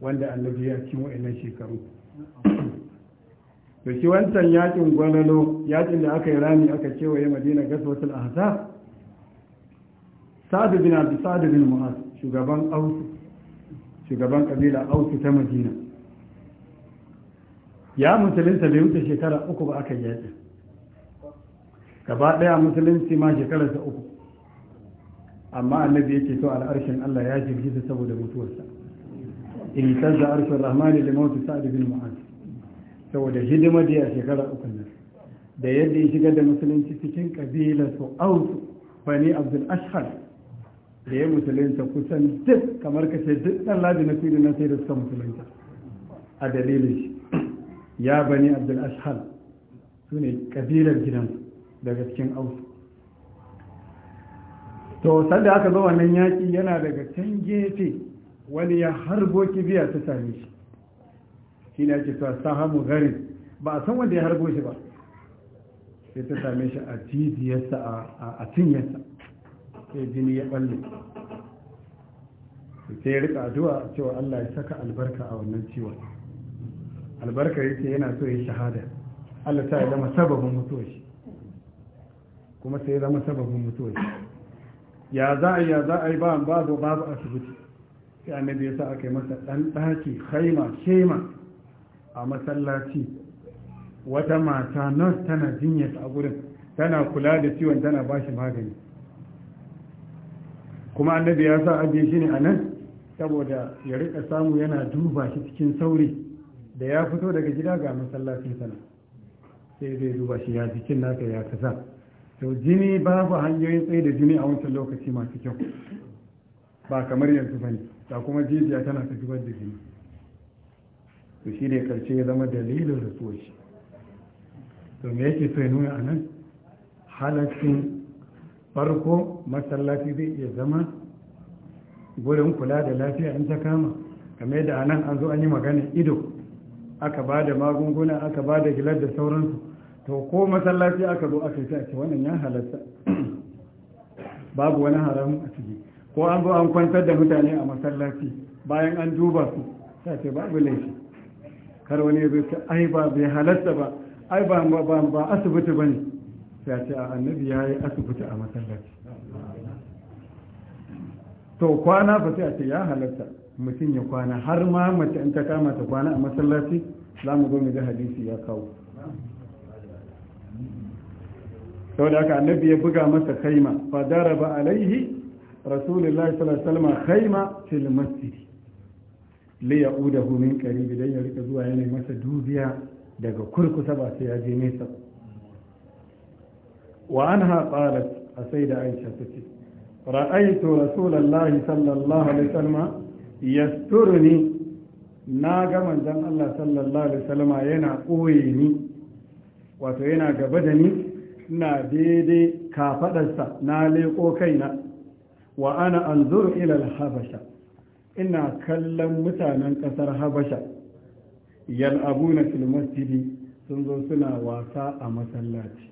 wanda annabi ya cikin wa'annan shekaru to shi wancan yakin gwanano yakin da aka yi rami aka kewaye madina gazuwatul ahzab sa'adu bin abu sa'adu bin mu'az shugaban ausu shugaban kabila ausu ta madina ya musulunta bai wuce shekara uku ba aka yaƙi gaba ɗaya musulunci ma shekarar ta uku amma annabi yake so al'arshen allah ya jirgita saboda mutuwarsa in canza arshin rahmani da mawutu sa'adu bin mu'az saboda hidima da a shekara uku nan da yadda ya shigar da musulunci cikin kabilar su ausu bani abdul ashhar da ya musulunta kusan duk kamar ka ce duk ɗan ladi na kudu na sai da suka musulunta a dalilin shi ya bani abdul ashal su ne kabilar gidan daga cikin ausu to sanda aka zo wannan yaƙi yana daga can gefe wani ya harbo kibiya ta same shi shi ne ake cewa sahamu garin ba a san wanda ya harbo shi ba sai ta same shi a cibiyarsa a cinyarsa sai jini ya balle sai ya rika addu'a cewa Allah ya saka albarka a wannan ciwon albarka yake yana so ya shahada Allah ta ya zama sababin mutuwar shi kuma sai ya zama sababin mutuwar shi ya za a ya za a yi ba babu babu asibiti sai annabi ya sa aka yi masa dan daki khaima shema a masallaci wata mata nurse tana jinyar a gurin tana kula da ciwon tana bashi magani kuma annabi ya sa ajiye shi ne a nan saboda ya rika samu yana duba shi cikin sauri da ya fito daga gida ga masallacin sana sai zai duba shi ya jikin nasa ya kasa to jini babu hanyoyin tsaye da jini a wancan lokaci masu kyau ba kamar yanzu ba ne ta kuma jijiya tana ta zubar da jini to shi ne karshe ya zama dalilin rasuwar shi to me yake so ya nuna a nan halaccin farko masallaci zai iya zama gurin kula da lafiya in ta kama kamar da anan an zo an yi magana ido aka ba da magunguna aka ba da gilar da sauransu to ko masallaci aka zo aka yi ce wannan ya halatta babu wani haramun a ciki ko an zo an kwantar da mutane a masallaci bayan an duba su ta ce babu laifi kar wani ya zo ai ba bai halatta ba ai ba ba asibiti bane ya ce a annabi ya yi asibiti a masallaci to kwana ba sai a ce ya halatta mutum ya kwana har ma mace in ta kama ta kwana a masallaci za mu zo mu ga hadisi ya kawo da haka annabi ya buga masa kaima fa daraba alaihi rasulullahi sallallahu alaihi wasallam kaima fil masjid li ya'udahu min qarib dan ya rika zuwa yana masa dubiya daga kurkusa ba sai ya je nesa وعنها قالت السيدة عائشة تتي رأيت رسول الله صلى الله عليه وسلم يسترني ناقا من ذن الله صلى الله عليه وسلم ينا قويني وتينا قبدني نا ديدي كافدسا ناليقو كينا وأنا أنظر إلى الحبشة إنا كلم متانا كسر حبشة يلعبون في المسجد سنزو سنا واساء مسلاتي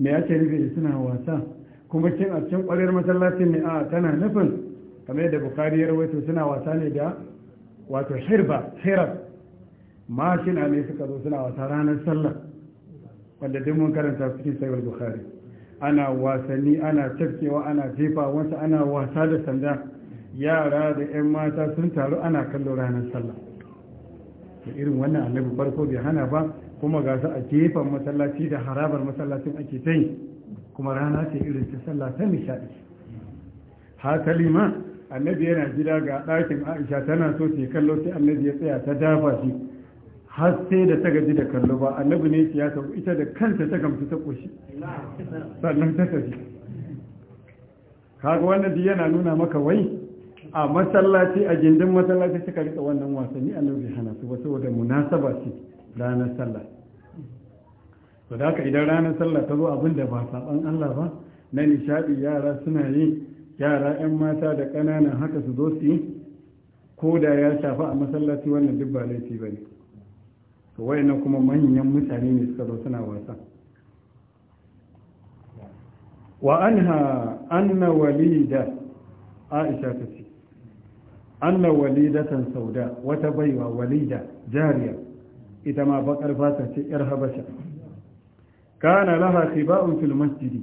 me ake nufi da suna wasa kuma cin a cikin ƙwarar masallacin ne a tana nufin kamar yadda bukari ya rawaito suna wasa ne da wato hirba hirar mashina ne suka zo suna wasa ranar sallah wanda duk mun karanta cikin sayar bukari ana wasanni ana cafkewa ana jefa wasu ana wasa da sanda yara da 'yan mata sun taru ana kallo ranar sallah da irin wannan annabi farko bai hana ba kuma ga su a gefen masallaci da harabar masallacin ake ta yi kuma rana ce irin ta sallah ta nishaɗi hakali ma annabi yana gida ga ɗakin aisha tana so ce kallo sai annabi ya tsaya ta dafa shi har sai da ta gaji da kallo ba annabi ne ya sauko ita da kanta ta gamsu ta ƙoshi sannan ta tafi kaga wannan yana nuna maka wai a masallaci a gindin masallaci suka rika wannan wasanni a bai hana su ba wadda munasaba ce ranar sallah to da haka idan ranar sallah ta zo abin da ba saban Allah ba na nishaɗi yara suna yi yara yan mata da ƙananan haka su zo su yi ko da ya shafa a masallaci wannan duk laifi ba ne to wayannan kuma manyan mutane ne suka zo suna wasa wa anha anna walida aisha ta ce anna walidatan sauda wata baiwa walida jariya ita ma bakar fata ce yar habasha kana laha khiba'un fil masjidi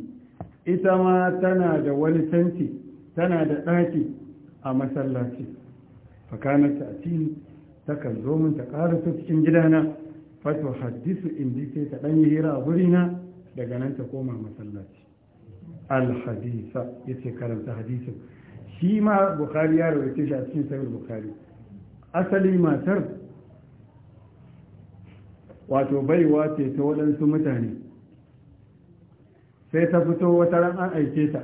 ita ma tana da wani tanti tana da ɗaki a masallaci fakanar a atini takan zo min ta ƙarasa cikin gidana fatu haddisu in ji sai ta ɗan yi hira a gurina daga nan ta koma masallaci alhadisa ya ce karanta hadisin shi ma bukari ya rawaita shi a cikin sahih bukari asali matar wato baiwa ce ta waɗansu mutane sai ta fito wata ran an aike ta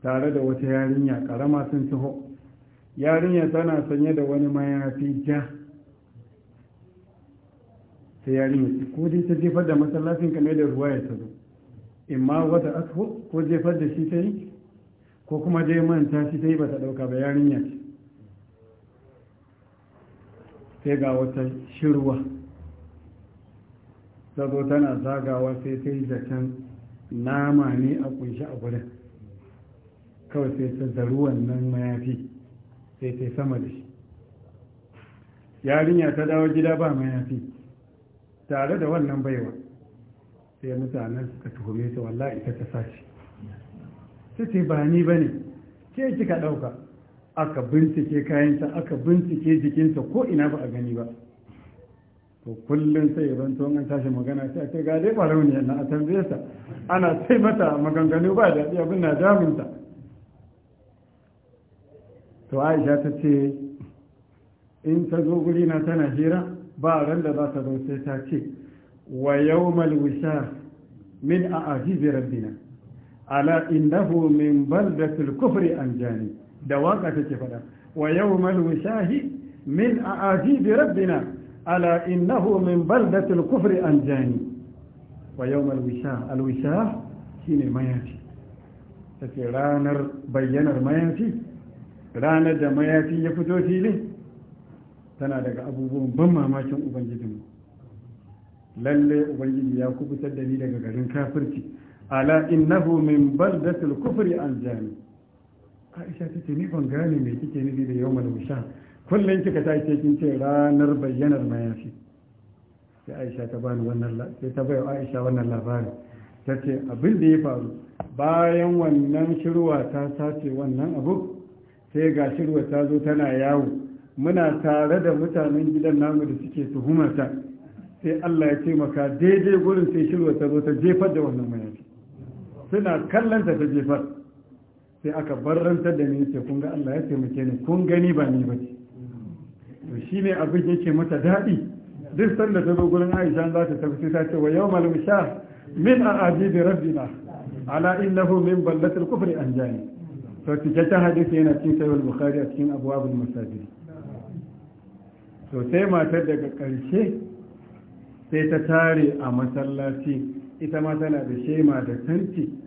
tare da wata yarinya ƙarama sun taho yarinya tana sanye da wani mayafi ja ta yarinya ko dai ta jefar da masallacin kamar da ruwa ya tazo ma wata asho ko jefar da shi ta yi ko kuma dai manta shi ta yi ba ta ɗauka ba yarinya ce sai ga wata shirwa ta zo tana zagawa sai ta yi zaton nama ne a kunshi a gudun kawai sai ta zaru wannan mayafi sai ta sama da shi yarinya ta dawo gida ba mayafi tare da wannan baiwa sai mutanen suka tuhume ta wallahi ita ta sashi su ce ba ni ba ne ke kika ɗauka aka bincike kayansa aka bincike jikinsa ko ina ba a gani ba to kullum sai ban tuwon an tashi magana sai a ce ga dai barauniyar na a tambaye sa ana sai mata maganganu ba daɗi abin na jaminta to aisha ta ce in ta zo guri na tana hira ba ran da za ta zo sai ta ce wa yawmal wishar min a ajibi rabbina ala innahu min baldatil kufri an jani da waka take faɗa wa yawmal wishahi min a'ajibi rabbina ala innahu min baldatil kufri an jani wa yawmal wishah al wishah shine mayafi take ranar bayyanar mayafi ranar da mayafi ya fito fili tana daga abubuwan ban mamakin ubangijinmu lalle ubangiji ya kubutar da ni daga garin kafirci ala innahu min baldatil kufri aljami aisha ta ce ni ban gane me kike nufi da yawmal wushan kullum kika ta ce kin ce ranar bayyanar mayafi sai aisha ta bani wannan sai ta bayo aisha wannan labarin ta ce abin da ya faru bayan wannan shirwa ta sace wannan abu sai ga shirwa ta zo tana yawo muna tare da mutanen gidan namu da suke tuhumarta sai Allah ya ce taimaka daidai gurin sai shirwa ta zo ta jefar da wannan mai suna kallon ta ta jefar sai aka barrantar da ni ce kun ga Allah ya taimake ni kun gani ba ni ba ce to shi ne abin yake mata daɗi duk sanda ta zo gurin Aisha za ta tafi sai ta ce wa yawmal musha min a'ajibi rabbina ala innahu min ballatil kufri an jani to cikakken hadisi yana cikin sahih bukhari a cikin al masajid to sai matar daga ƙarshe sai ta tare a masallaci ita ma tana da shema da tanti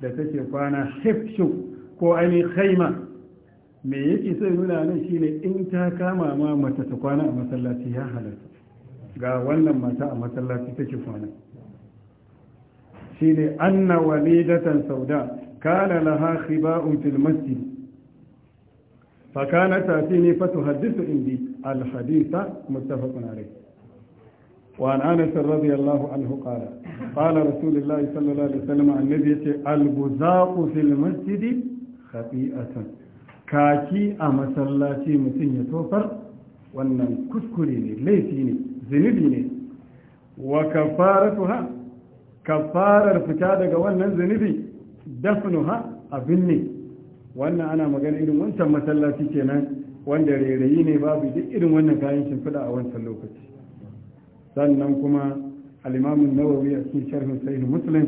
da take kwana hifshu ko ainihin khaima me yake sai nuna nan shine in ta kama ma mata ta kwana a masallaci ya halarta ga wannan mata a masallaci take kwana shine anna walidatan sauda kana laha khiba'un fil masjid fa kana tatini fatuhaddithu indi al haditha muttafaqun alayh وعن انس رضي الله عنه قال qala rasulullah sallallahu alaihi wasallam annabi yace al-buzaqu fil masjid khati'atan kaki a masallaci mutum ya tofar wannan kuskure ne laifi ne zunubi ne wa kafaratuha kafarar fita daga wannan zunubi dafnuha a ne wannan ana magana irin wancan masallaci kenan wanda rairayi ne babu duk irin wannan kayan shimfiɗa a wancan lokaci sannan kuma alimamin nawawi a cikin sharhin sahih muslim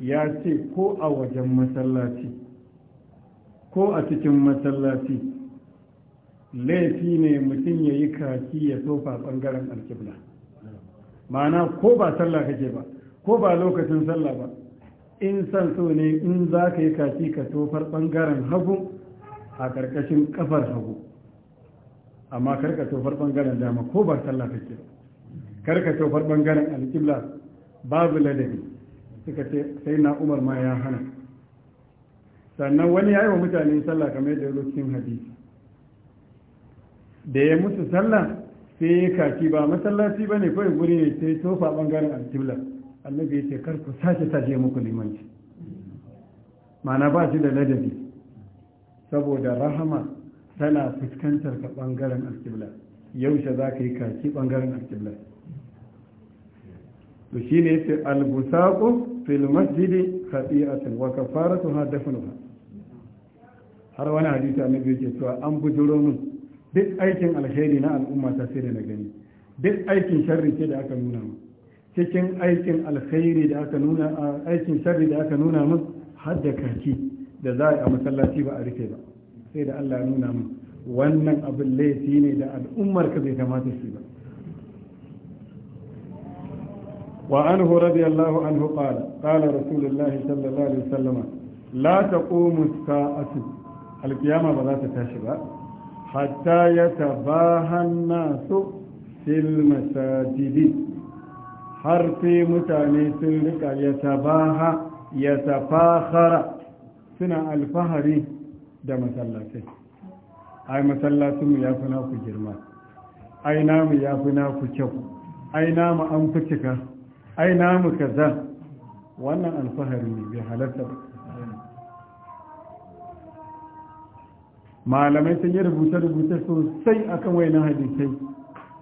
ya ce ko a wajen masallaci ko a cikin masallaci laifi ne mutum ya yi kaki ya tofa bangaren alkibla ma'ana ko ba sallah kake ba ko ba lokacin sallah ba in san so ne in za ka yi kaki ka tofar bangaren hagu a ƙarƙashin ƙafar hagu amma karka tofar bangaren dama ko ba sallah kake ba karka tofar bangaren alƙibla babu ladabi suka ce sai na umar ma ya hana sannan wani ya yi wa mutane sallah kamar da yau cikin hadisi da ya musu sallah sai ya kaki ba masallaci ba ne kawai guri ne sai tofa bangaren alƙibla annabi ya ce kar sace sace muku limanci mana ba shi da ladabi saboda rahama tana fuskantar ka bangaren alƙibla yaushe za ka yi kaki bangaren alƙibla to shine yace al-busaqu fil masjidi khati'atun wa kafaratuha dafnuha har wani hadisi annabi yake cewa an bujuro mun. duk aikin alheri na al'umma ta sai da na gani duk aikin sharri ce da aka nuna mun. cikin aikin alkhairi da aka nuna aikin sharri da aka nuna min har da kaki da za a masallaci ba a rufe ba sai da Allah ya nuna min wannan abin laifi ne da al'ummar ka bai kamata su ba وعنه رضي الله عنه قال قال رسول الله صلى الله عليه وسلم لا تقوم الساعة القيامة ولا تتشبع حتى يتباهى الناس في المساجد harfi mutane sun rika ya tabaha suna alfahari da masallatai ai masallatun mu yafi naku girma ai namu yafi naku kyau ai namu an fi cika ai namu kaza wannan alfahari ne bai halatta malamai sun yi rubuce-rubuce sosai akan wayanin hadisai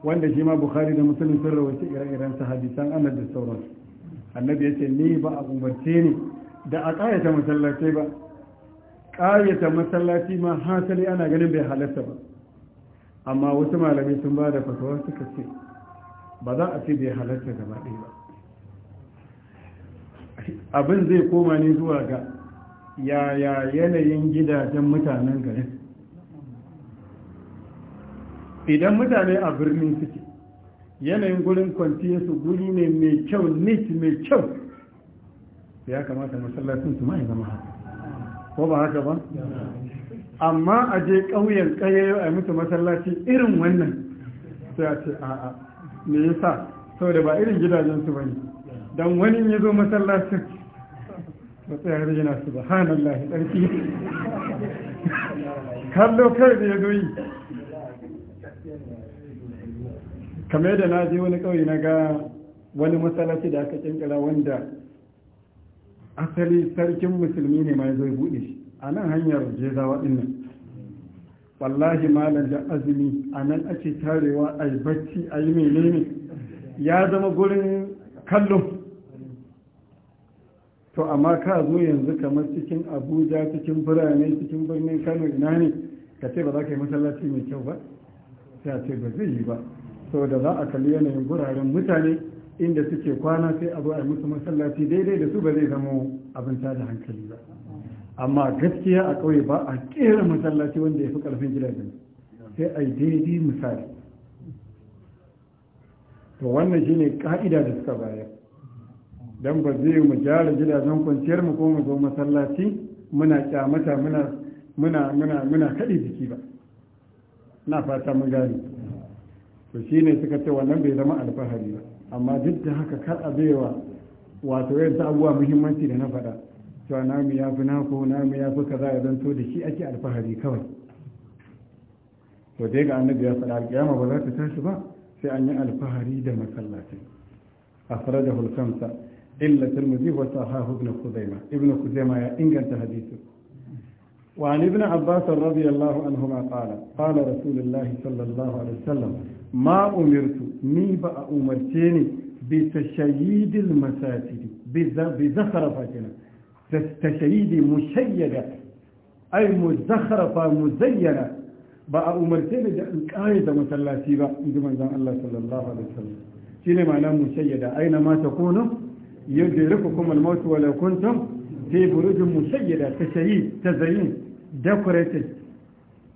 wanda shi ma bukhari da musulun sun rawaita ire-iren su hadisan annabi da sauransu annabi ya ce ni ba a umarce ni da a ƙayata masallaci ba ƙayata masallaci ma hasali ana ganin bai halatta ba amma wasu malamai sun ba da fatawa suka ce ba za a ce bai halarta gaba ɗaya ba abin zai koma ne zuwa ga yaya yanayin gidajen mutanen garin idan mutane a birnin suke yanayin gurin su guri ne mai kyau nit mai kyau ya kamata masallacin su ma zama haka ko ba haka ba amma a je ƙauyen ƙayayo a mutu masallaci irin wannan sai a ce a'a me yasa saboda ba irin gidajen su ne. Dan wani ya zo masallacin matsayar yana subhanallah tsarki kallo kai da ya zo yi kame da na je wani ƙauye na ga wani masallaci da aka kinkira wanda asali sarkin musulmi ne ma ya buɗe shi a nan hanyar jezawa ɗin nan wallahi malam da azumi a nan ake tarewa a yi bacci a yi menene ya zama gurin kallo to amma ka zo yanzu kamar cikin abuja cikin birane cikin birnin kano ina ne ka ce ba za ka yi masallaci mai kyau ba sai a ce ba zai yi ba da za a kalli yanayin guraren mutane inda suke kwana sai a zo a yi musu masallaci daidai da su ba zai zama abin da hankali ba amma gaskiya a ƙauye ba a ƙera masallaci wanda ya fi ƙarfin gidajen sai a yi daidai misali to wannan shine ka'ida da suka bayar don ba zai mu gyara gidajen kwanciyar mu ko mu zo masallaci muna kyamata muna muna muna muna kaɗi jiki ba na fata mun gane to ne suka ce wannan bai zama alfahari ba amma duk da haka kar a baiwa wato yadda abubuwa muhimmanci da na faɗa cewa namu ya fi naku namu ya fi kaza ya zanto da shi ake alfahari kawai to dai ga annabi ya faɗa alƙiyama ba za ta tashi ba sai an yi alfahari da masallaci a fara da ila tarmudi wasaxaahu bna khudayma ibnu khudayma ayaa inganta xadiisu wa an ibni cabaasa radia allahu anhuma qaala qaala rasuul illahi sal allahu alayi wasalam maa umirtu miiba a umarteeni bitashayiidi lmasaajidi bizakharafatina tashayiidi mushayada ay muzakharafa muzayana ba a umarteeni qaayada masallaasiiba idumaan allah sal allahu alayi wasalam shine maanaa mushayada aina maa takunu يدرككم الموت ولو كنتم في بروج مسيدة ta zayin decorated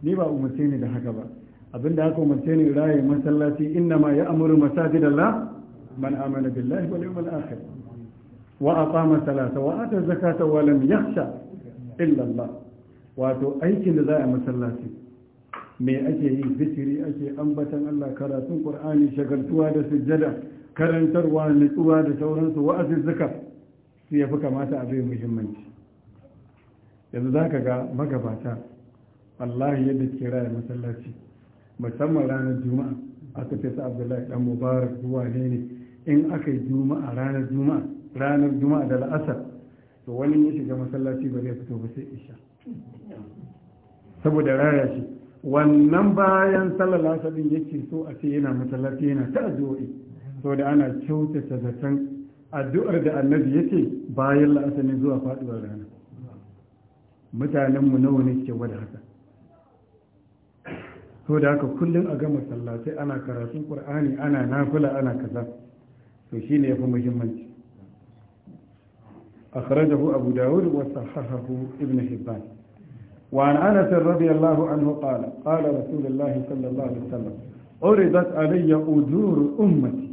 ni ba umarce ni da haka ba abinda haka umarce ni raye masallaci inna ma ya amuru masajid Allah man amana billahi wal yawmil akhir wa aqama salata wa ata zakata wa lam yakhsha illa Allah wato aikin da za a masallaci me ake yi zikiri ake ambatan Allah karatun Qur'ani shagaltuwa da sujjada karantarwa nutsuwa da sauransu wa'azuzzuka su ya fi kamata abin muhimmanci yanzu za ka ga magabata wallahi yadda ke raya masallaci musamman ranar juma'a aka abdullahi dan mubarak zuwa ne ne in aka yi juma'a ranar juma'a ranar juma'a da la'asar to wani ya shiga masallaci ba zai fito ba sai isha saboda raya shi wannan bayan sallar la'asar yake so a ce yana masallaci yana ta addu'o'i da ana kyautata zaton addu'ar da annabi yake bayan la'asar ne zuwa faduwar rana mutanenmu nawa ne ke wada haka so da haka kullum a gama sallatai ana karatun ƙur'ani ana nafula ana kaza to shi ne ya fi muhimmanci A kare da akhrajahu abu dawud wa sahahahu ibn hibban wa an anas radiyallahu anhu qala qala rasulullahi sallallahu alaihi wasallam uridat alayya udur ummati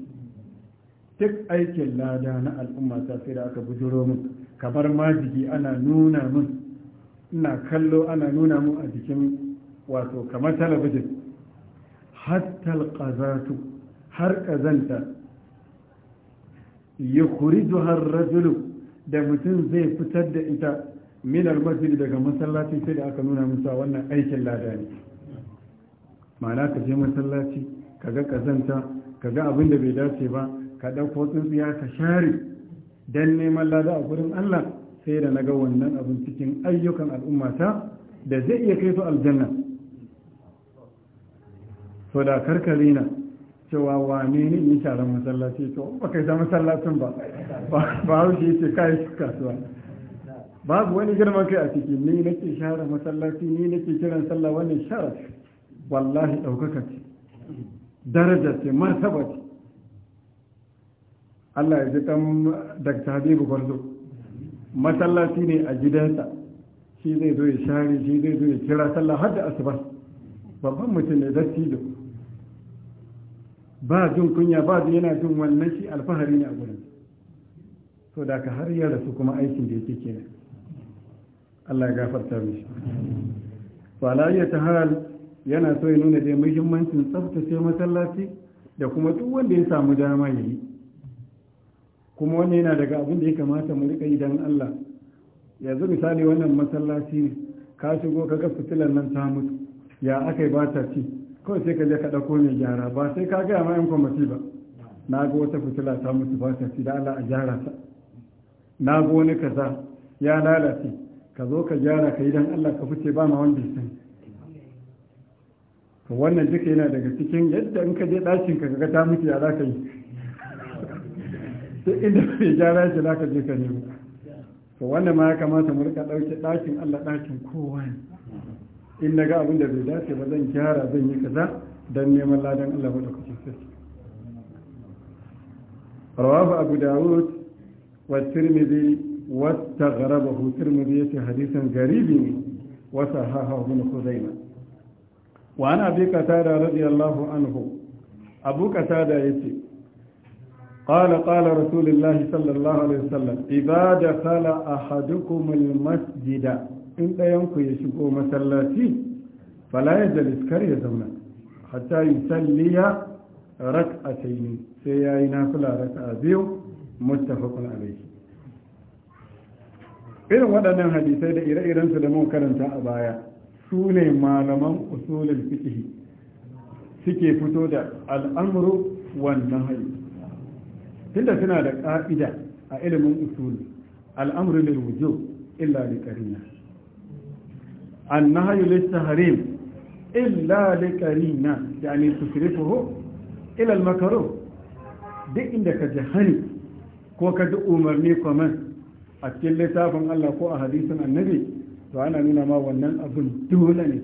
duk aikin lada na al'umma ta sai da aka bujuro min kamar majigi ana nuna min ina kallo ana nuna mun a jikin wato kamar talabijin hattal ƙazatu har ƙazanta ya har rajulu da mutum zai fitar da ita minar masjid daga masallaci sai da aka nuna musa wannan aikin lada ne ma'ana ka je masallaci ka ga ƙazanta ka ga abin da bai dace ba ka ɗauko tsintsiya ka share don neman lada a gurin Allah sai da na ga wannan abin cikin ayyukan al'ummata da zai iya kai su aljanna so da karkari na cewa wane ne in sharan masallaci to ba kai sa masallacin ba ba haushi ce kai kasuwa babu wani girman kai a ciki ni nake share masallaci ni nake kiran sallah wani share wallahi ɗaukaka ce daraja ce martaba ce Allah ya ji kan Dr. Habibu Gwarzo. masallaci ne a gidansa shi zai zo ya share shi zai zo ya kira sallah har da asuba babban mutum ne dattijo ba jin kunya ba zai yana jin wannan shi alfahari ne a gurin to da ka har ya rasu kuma aikin da yake kenan Allah ya gafarta mishi falayyar ta hal yana so ya nuna da muhimmancin tsaftace masallaci da kuma duk wanda ya samu dama ya yi kuma wannan yana daga abin da ya kamata mu rika idan Allah yanzu misali wannan masallaci ne ka shigo ka ga fitilar nan ta mutu ya aka yi ba ta ci kawai sai ka je ka dauko mai gyara ba sai ka gaya mai yan kwamati ba na ga wata fitila ta mutu ba ta ci da Allah a gyara ta na ga wani kaza ya lalace ka zo ka gyara ka yi dan Allah ka fice ba ma wanda ya sani to wannan duka yana daga cikin yadda in ka je ɗakin ka ga ta mutu ya za ka yi Sai inda mai gyara yake zaka je ka nemo to wannan ma ya kamata mu rika ɗauke ɗakin Allah ɗakin kowa ne in naga abin da bai dace ba zan gyara zan yi kaza dan neman ladan Allah ba da kuke sarki rawahu abu dawud wa tirmidhi wa taghrabahu tirmidhi yace hadisan garibi ne wa sahahahu ibn khuzaimah wa ana bi qatada radiyallahu anhu abu qatada yace قال قال رسول الله صلى الله عليه وسلم إذا دخل أحدكم المسجد إن ينكو يشكو مسلاتي فلا يجلس كري زونا حتى يسلي ركعتين سيأينا فلا ركعة بيو متفق عليه irin waɗannan hadisai da ire-irensu da mun karanta a baya su ne malaman usulul fiqh suke fito da al'amru wannan hadisi tunda suna da ƙa'ida a ilimin usul al'amurin lil wujub illa li na, annahyu lit tahrim illa li qarina yani tusrifuhu ila ilal makruh duk inda ka ji hani ko ka ji umarni kwaman a cikin littafin Allah ko a hadisin annabi to ana nuna ma wannan abin dole ne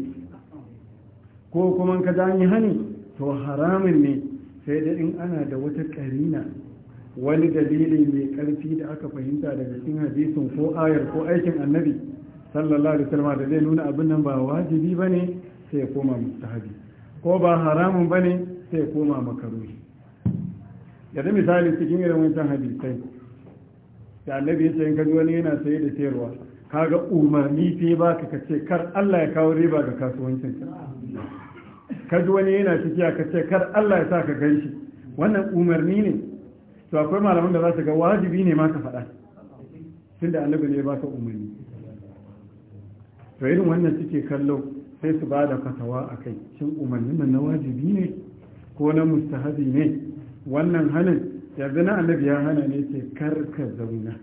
ko kuma ka ji an yi hani to haramun ne sai da in ana da wata karina wani dalili mai karfi da aka fahimta daga cikin hadisin ko ayar ko aikin annabi sallallahu alaihi wasallam da zai nuna abin nan ba wajibi bane sai ya koma mustahabi ko ba haramun bane sai ya koma makaruhi yanzu misali cikin irin wancan hadisai da annabi ya ce in kaji wani yana saye da sayarwa kaga umarni sai baka ka ce kar Allah ya kawo riba ga kasuwancin kaji wani yana tafiya ka ce kar Allah ya sa ka ganshi wannan umarni ne to akwai malaman da za su ga wajibi ne ma ka faɗa tun da annabi ne ba ka umarni to irin wannan suke kallo sai su ba da fatawa a kai shin umarnin nan na wajibi ne ko na mustahabi ne wannan hanin yanzu na annabi ya hana ne sai, kar ka zauna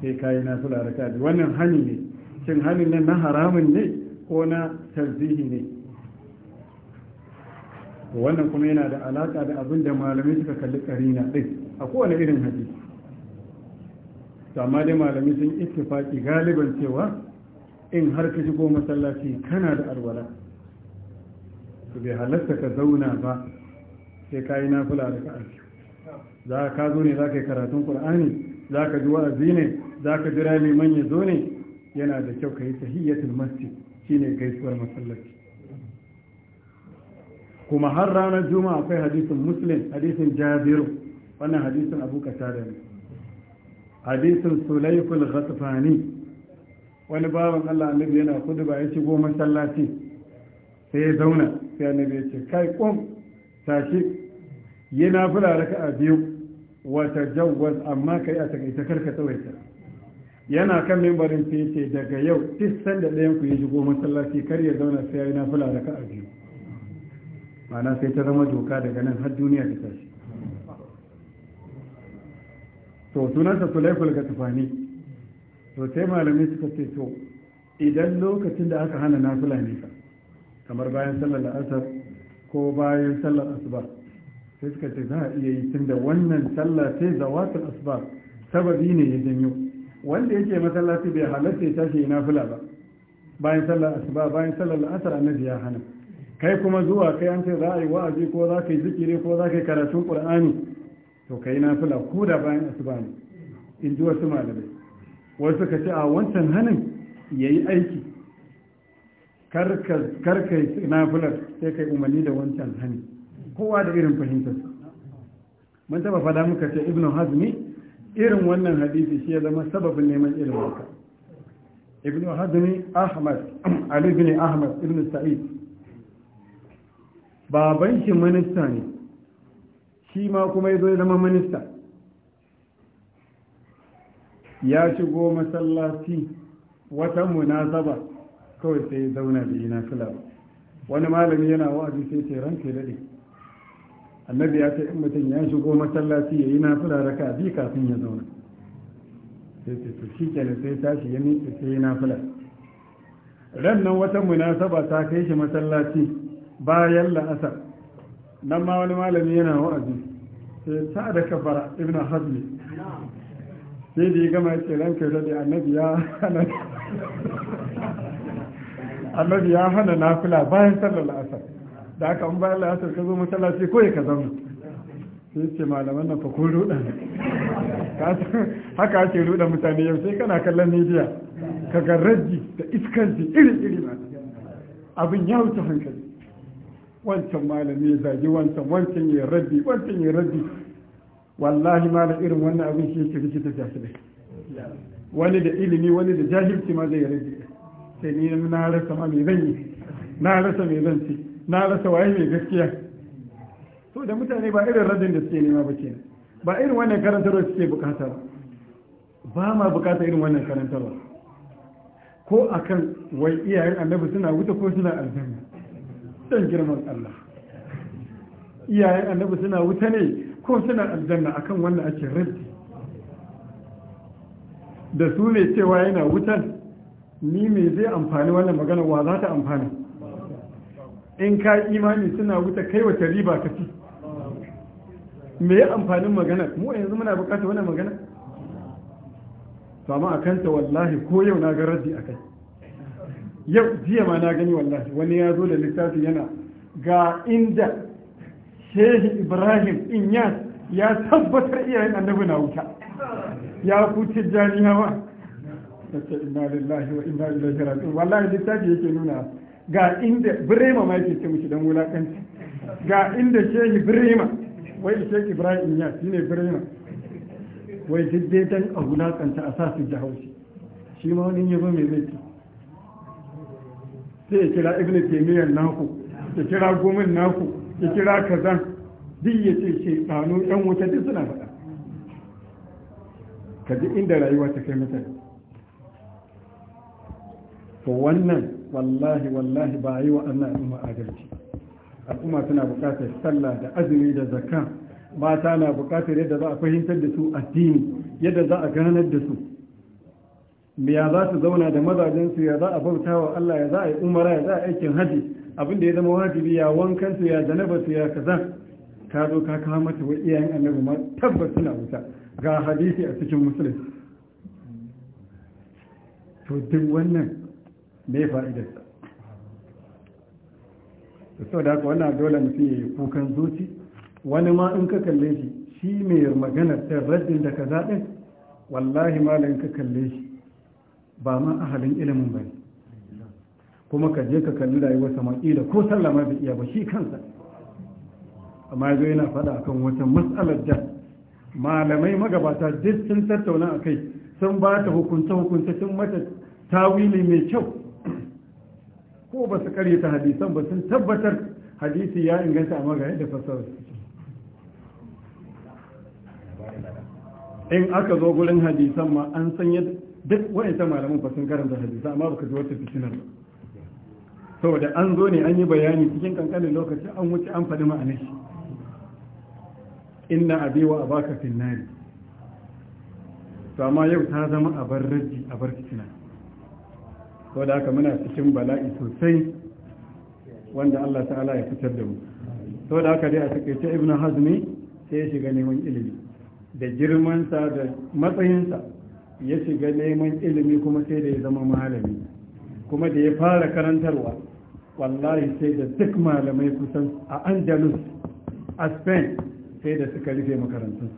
sai kayi na su nasu kaji wannan hani ne shin hanin nan na haramun ne ko na tarzihi ne wannan kuma yana da alaƙa da abin da malamai suka kalli ƙarina. ɗin a kowane irin hadisi to amma dai malami sun ittifaki galiban cewa in har ka shigo masallaci kana da alwala to bai halatta ka zauna ba sai ka yi nafula da ka za ka zo ne za ka yi karatun qur'ani za ka ji wa'azi ne za ka jira liman ya zo ne yana da kyau ka yi tahiyyatul masjid shine gaisuwar masallaci kuma har ranar juma'a akwai hadisin muslim hadisin jabiru wannan hadisin abu da ne hadisin sulaiful ghatfani wani bawan Allah annabi yana kuduba ya shigo masallaci sai ya zauna sai annabi ya ce kai kum tashi yana fula raka'a biyu wata jawwaz amma kai a takaita karka tsawaita yana kan mimbarin sai ce daga yau duk da ɗayan ku ya shigo masallaci kar ya zauna sai ya yi raka'a biyu ma'ana sai ta zama doka daga nan har duniya ta tashi to sunansa sulaiful ga to sai malamai suka ce to idan lokacin da aka hana nafila ne fa kamar bayan sallar la'asar ko bayan sallar asuba sai suka ce za a iya yi tun da wannan sallar sai zawatul asuba sababi ne ya janyo wanda yake masallaci bai halatta ya tashi ina fula ba bayan sallar asuba bayan sallar la'asar annabi ya hana kai kuma zuwa kai an ce za a yi wa'azi ko za ka yi zikiri ko za ka yi karatun qur'ani to kai nafila ko da bayan asuba ne in ji wasu malamai wasu ka ce a wancan ya yi aiki kar kai nafilar sai kai umarni da wancan hannun kowa da irin fahimtar mun taba fada muka ce ibn hazmi irin wannan hadisi shi ya zama sababin neman ilimin ka ibnu hazmi ahmad ali ibn ahmad ibn sa'id baban shi minista ne shi ma kuma ya zo ya zama minista ya shigo masallaci wata munasaba kawai sai ya zauna da yi ba wani malami yana wa'azi sai ce ranka daɗe annabi ya ce in mutum ya shigo masallaci ya yi nafila raka bi kafin ya zauna sai ce to shi kenan sai tashi ya miƙe sai ya nasila ran nan wata munasaba ta kai shi masallaci bayan la'asar nan ma wani malami yana wa'azi eh, sai ta da kafara ibn hazmi sai da ya gama ya ce ranka da annabi ya hana annabi ya hana nafila bayan sallar la'asar da aka an bayan la'asar ka zo masallaci ko ya ka zama sai ce malaman nan fa kun ruɗa haka ake ruɗa mutane yau sai kana kallon media ka garraji da iskanci iri-iri ba abin ya wuce hankali wancan malami ya zagi wancan wancan ya rabbi wancan ya rabbi wallahi ma da irin wannan abin shi yake rikita jahilai wani da ilimi wani da jahilci ma zai rabbi sai ni na rasa ma me zan yi na rasa me zan ci na rasa waye mai gaskiya so da mutane ba irin radin da suke nema ba kenan ba irin wannan karantarwa suke bukata ba ba ma bukata irin wannan karantarwa ko akan wai iyayen annabi suna wuta ko suna aljanna don girman Allah iyayen annabi suna wuta ne ko suna aljanna akan wannan ake rabbi da su ne cewa yana wutan ni me zai amfani wannan magana wa za ta amfani in ka imani suna wuta kai wata riba ka fi me ya amfanin magana mu yanzu muna bukata wannan magana to amma a kanta wallahi ko yau na ga raddi a kai yau jiya ma na gani wallahi wani ya zo da littafi yana ga inda shehi ibrahim inyas ya tabbatar iyayen annabi na wuta ya kuce jami'awa ta ce inna lillahi wa inna ilaihi raji'un wallahi littafi yake nuna ga inda birema ma yake ce mushi dan wulakanci ga inda shehi birema wai shehi ibrahim inyas shine birema wai duk dai dan a wulakanta a sa su ji haushi shi ma wani yabo mai zai sai ya kira ibn taymiyyah naku ya kira gomin naku ya kira kazan duk ya ce shaytanu yan wuta duk suna faɗa ka ji inda rayuwa ta kai mutane to wannan wallahi wallahi ba yi wa annan al'umma adalci al'umma tana buƙatar sallah da azumi da zakka mata na buƙatar yadda za a fahimtar da su addini yadda za a ganar da su ya za su zauna da mazajensu ya za a bauta wa Allah ya za a yi umara ya za a aikin haji abinda ya zama wajibi ya wankan su ya janaba su ya kaza ka zo ka kawo mata wa iyayen annabi ma tabbas suna wuta ga hadisi a cikin musulun to duk wannan me fa'idarsa sau da haka wannan dole mutum ya yi kukan zuci wani ma in ka kalle shi shi mai maganar ta raddin da ka zaɓe? wallahi malam ka kalle shi ba ma ahalin ilimin ba kuma ka je ka kalli rayuwar sama kila ko sallama iya ba shi kansa amma yanzu yana faɗa akan wata mas'alar da malamai magabata duk sun tattauna a kai, sun ba ta hukunta hukunta sun mata tawili mai kyau ko ba su ta hadisan ba sun tabbatar hadisi ya inganta amma ga yadda fasara in aka zo gurin hadisan ma an san yadda duk wa'ancan malaman ba sun karanta hadisa amma baka ji wata fitinar ba saboda an zo ne an yi bayani cikin kankanin lokaci an wuce an faɗi ma'ana shi inna abi wa abaka finnari to amma yau ta zama a bar raji a bar fitina saboda haka muna cikin bala'i sosai wanda Allah ta'ala ya fitar da mu saboda haka dai a takaice ibnu hazmi sai ya shiga neman ilimi da girmansa da matsayinsa ya shiga neman ilimi kuma sai da ya zama malami kuma da ya fara karantarwa wallahi sai da duk malamai kusan a angelus a spain sai da suka rufe makarantun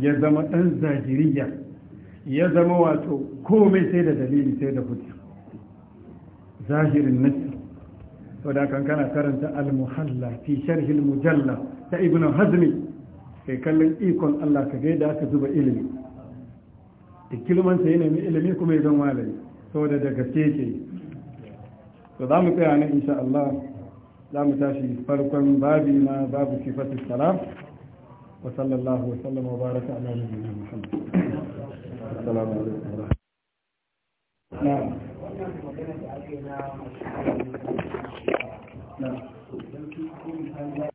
ya zama ɗan zahiriya ya zama wato komai sai da dalili sai da hutu zahirin nasi to da kan karanta al-muhalla fi sharhi al-mujalla ta ibnu hazmi kai kallon ikon Allah ka gaida da aka zuba ilimi ikilman sai sa yana ilimi kuma ya zama malami saboda da gaske keke, to za mu tsaya nan insha Allah za mu tashi farkon babi na babu sifatu salam wa sallallahu wa sallama wa baraka ala nabiyina Muhammad assalamu alaikum na na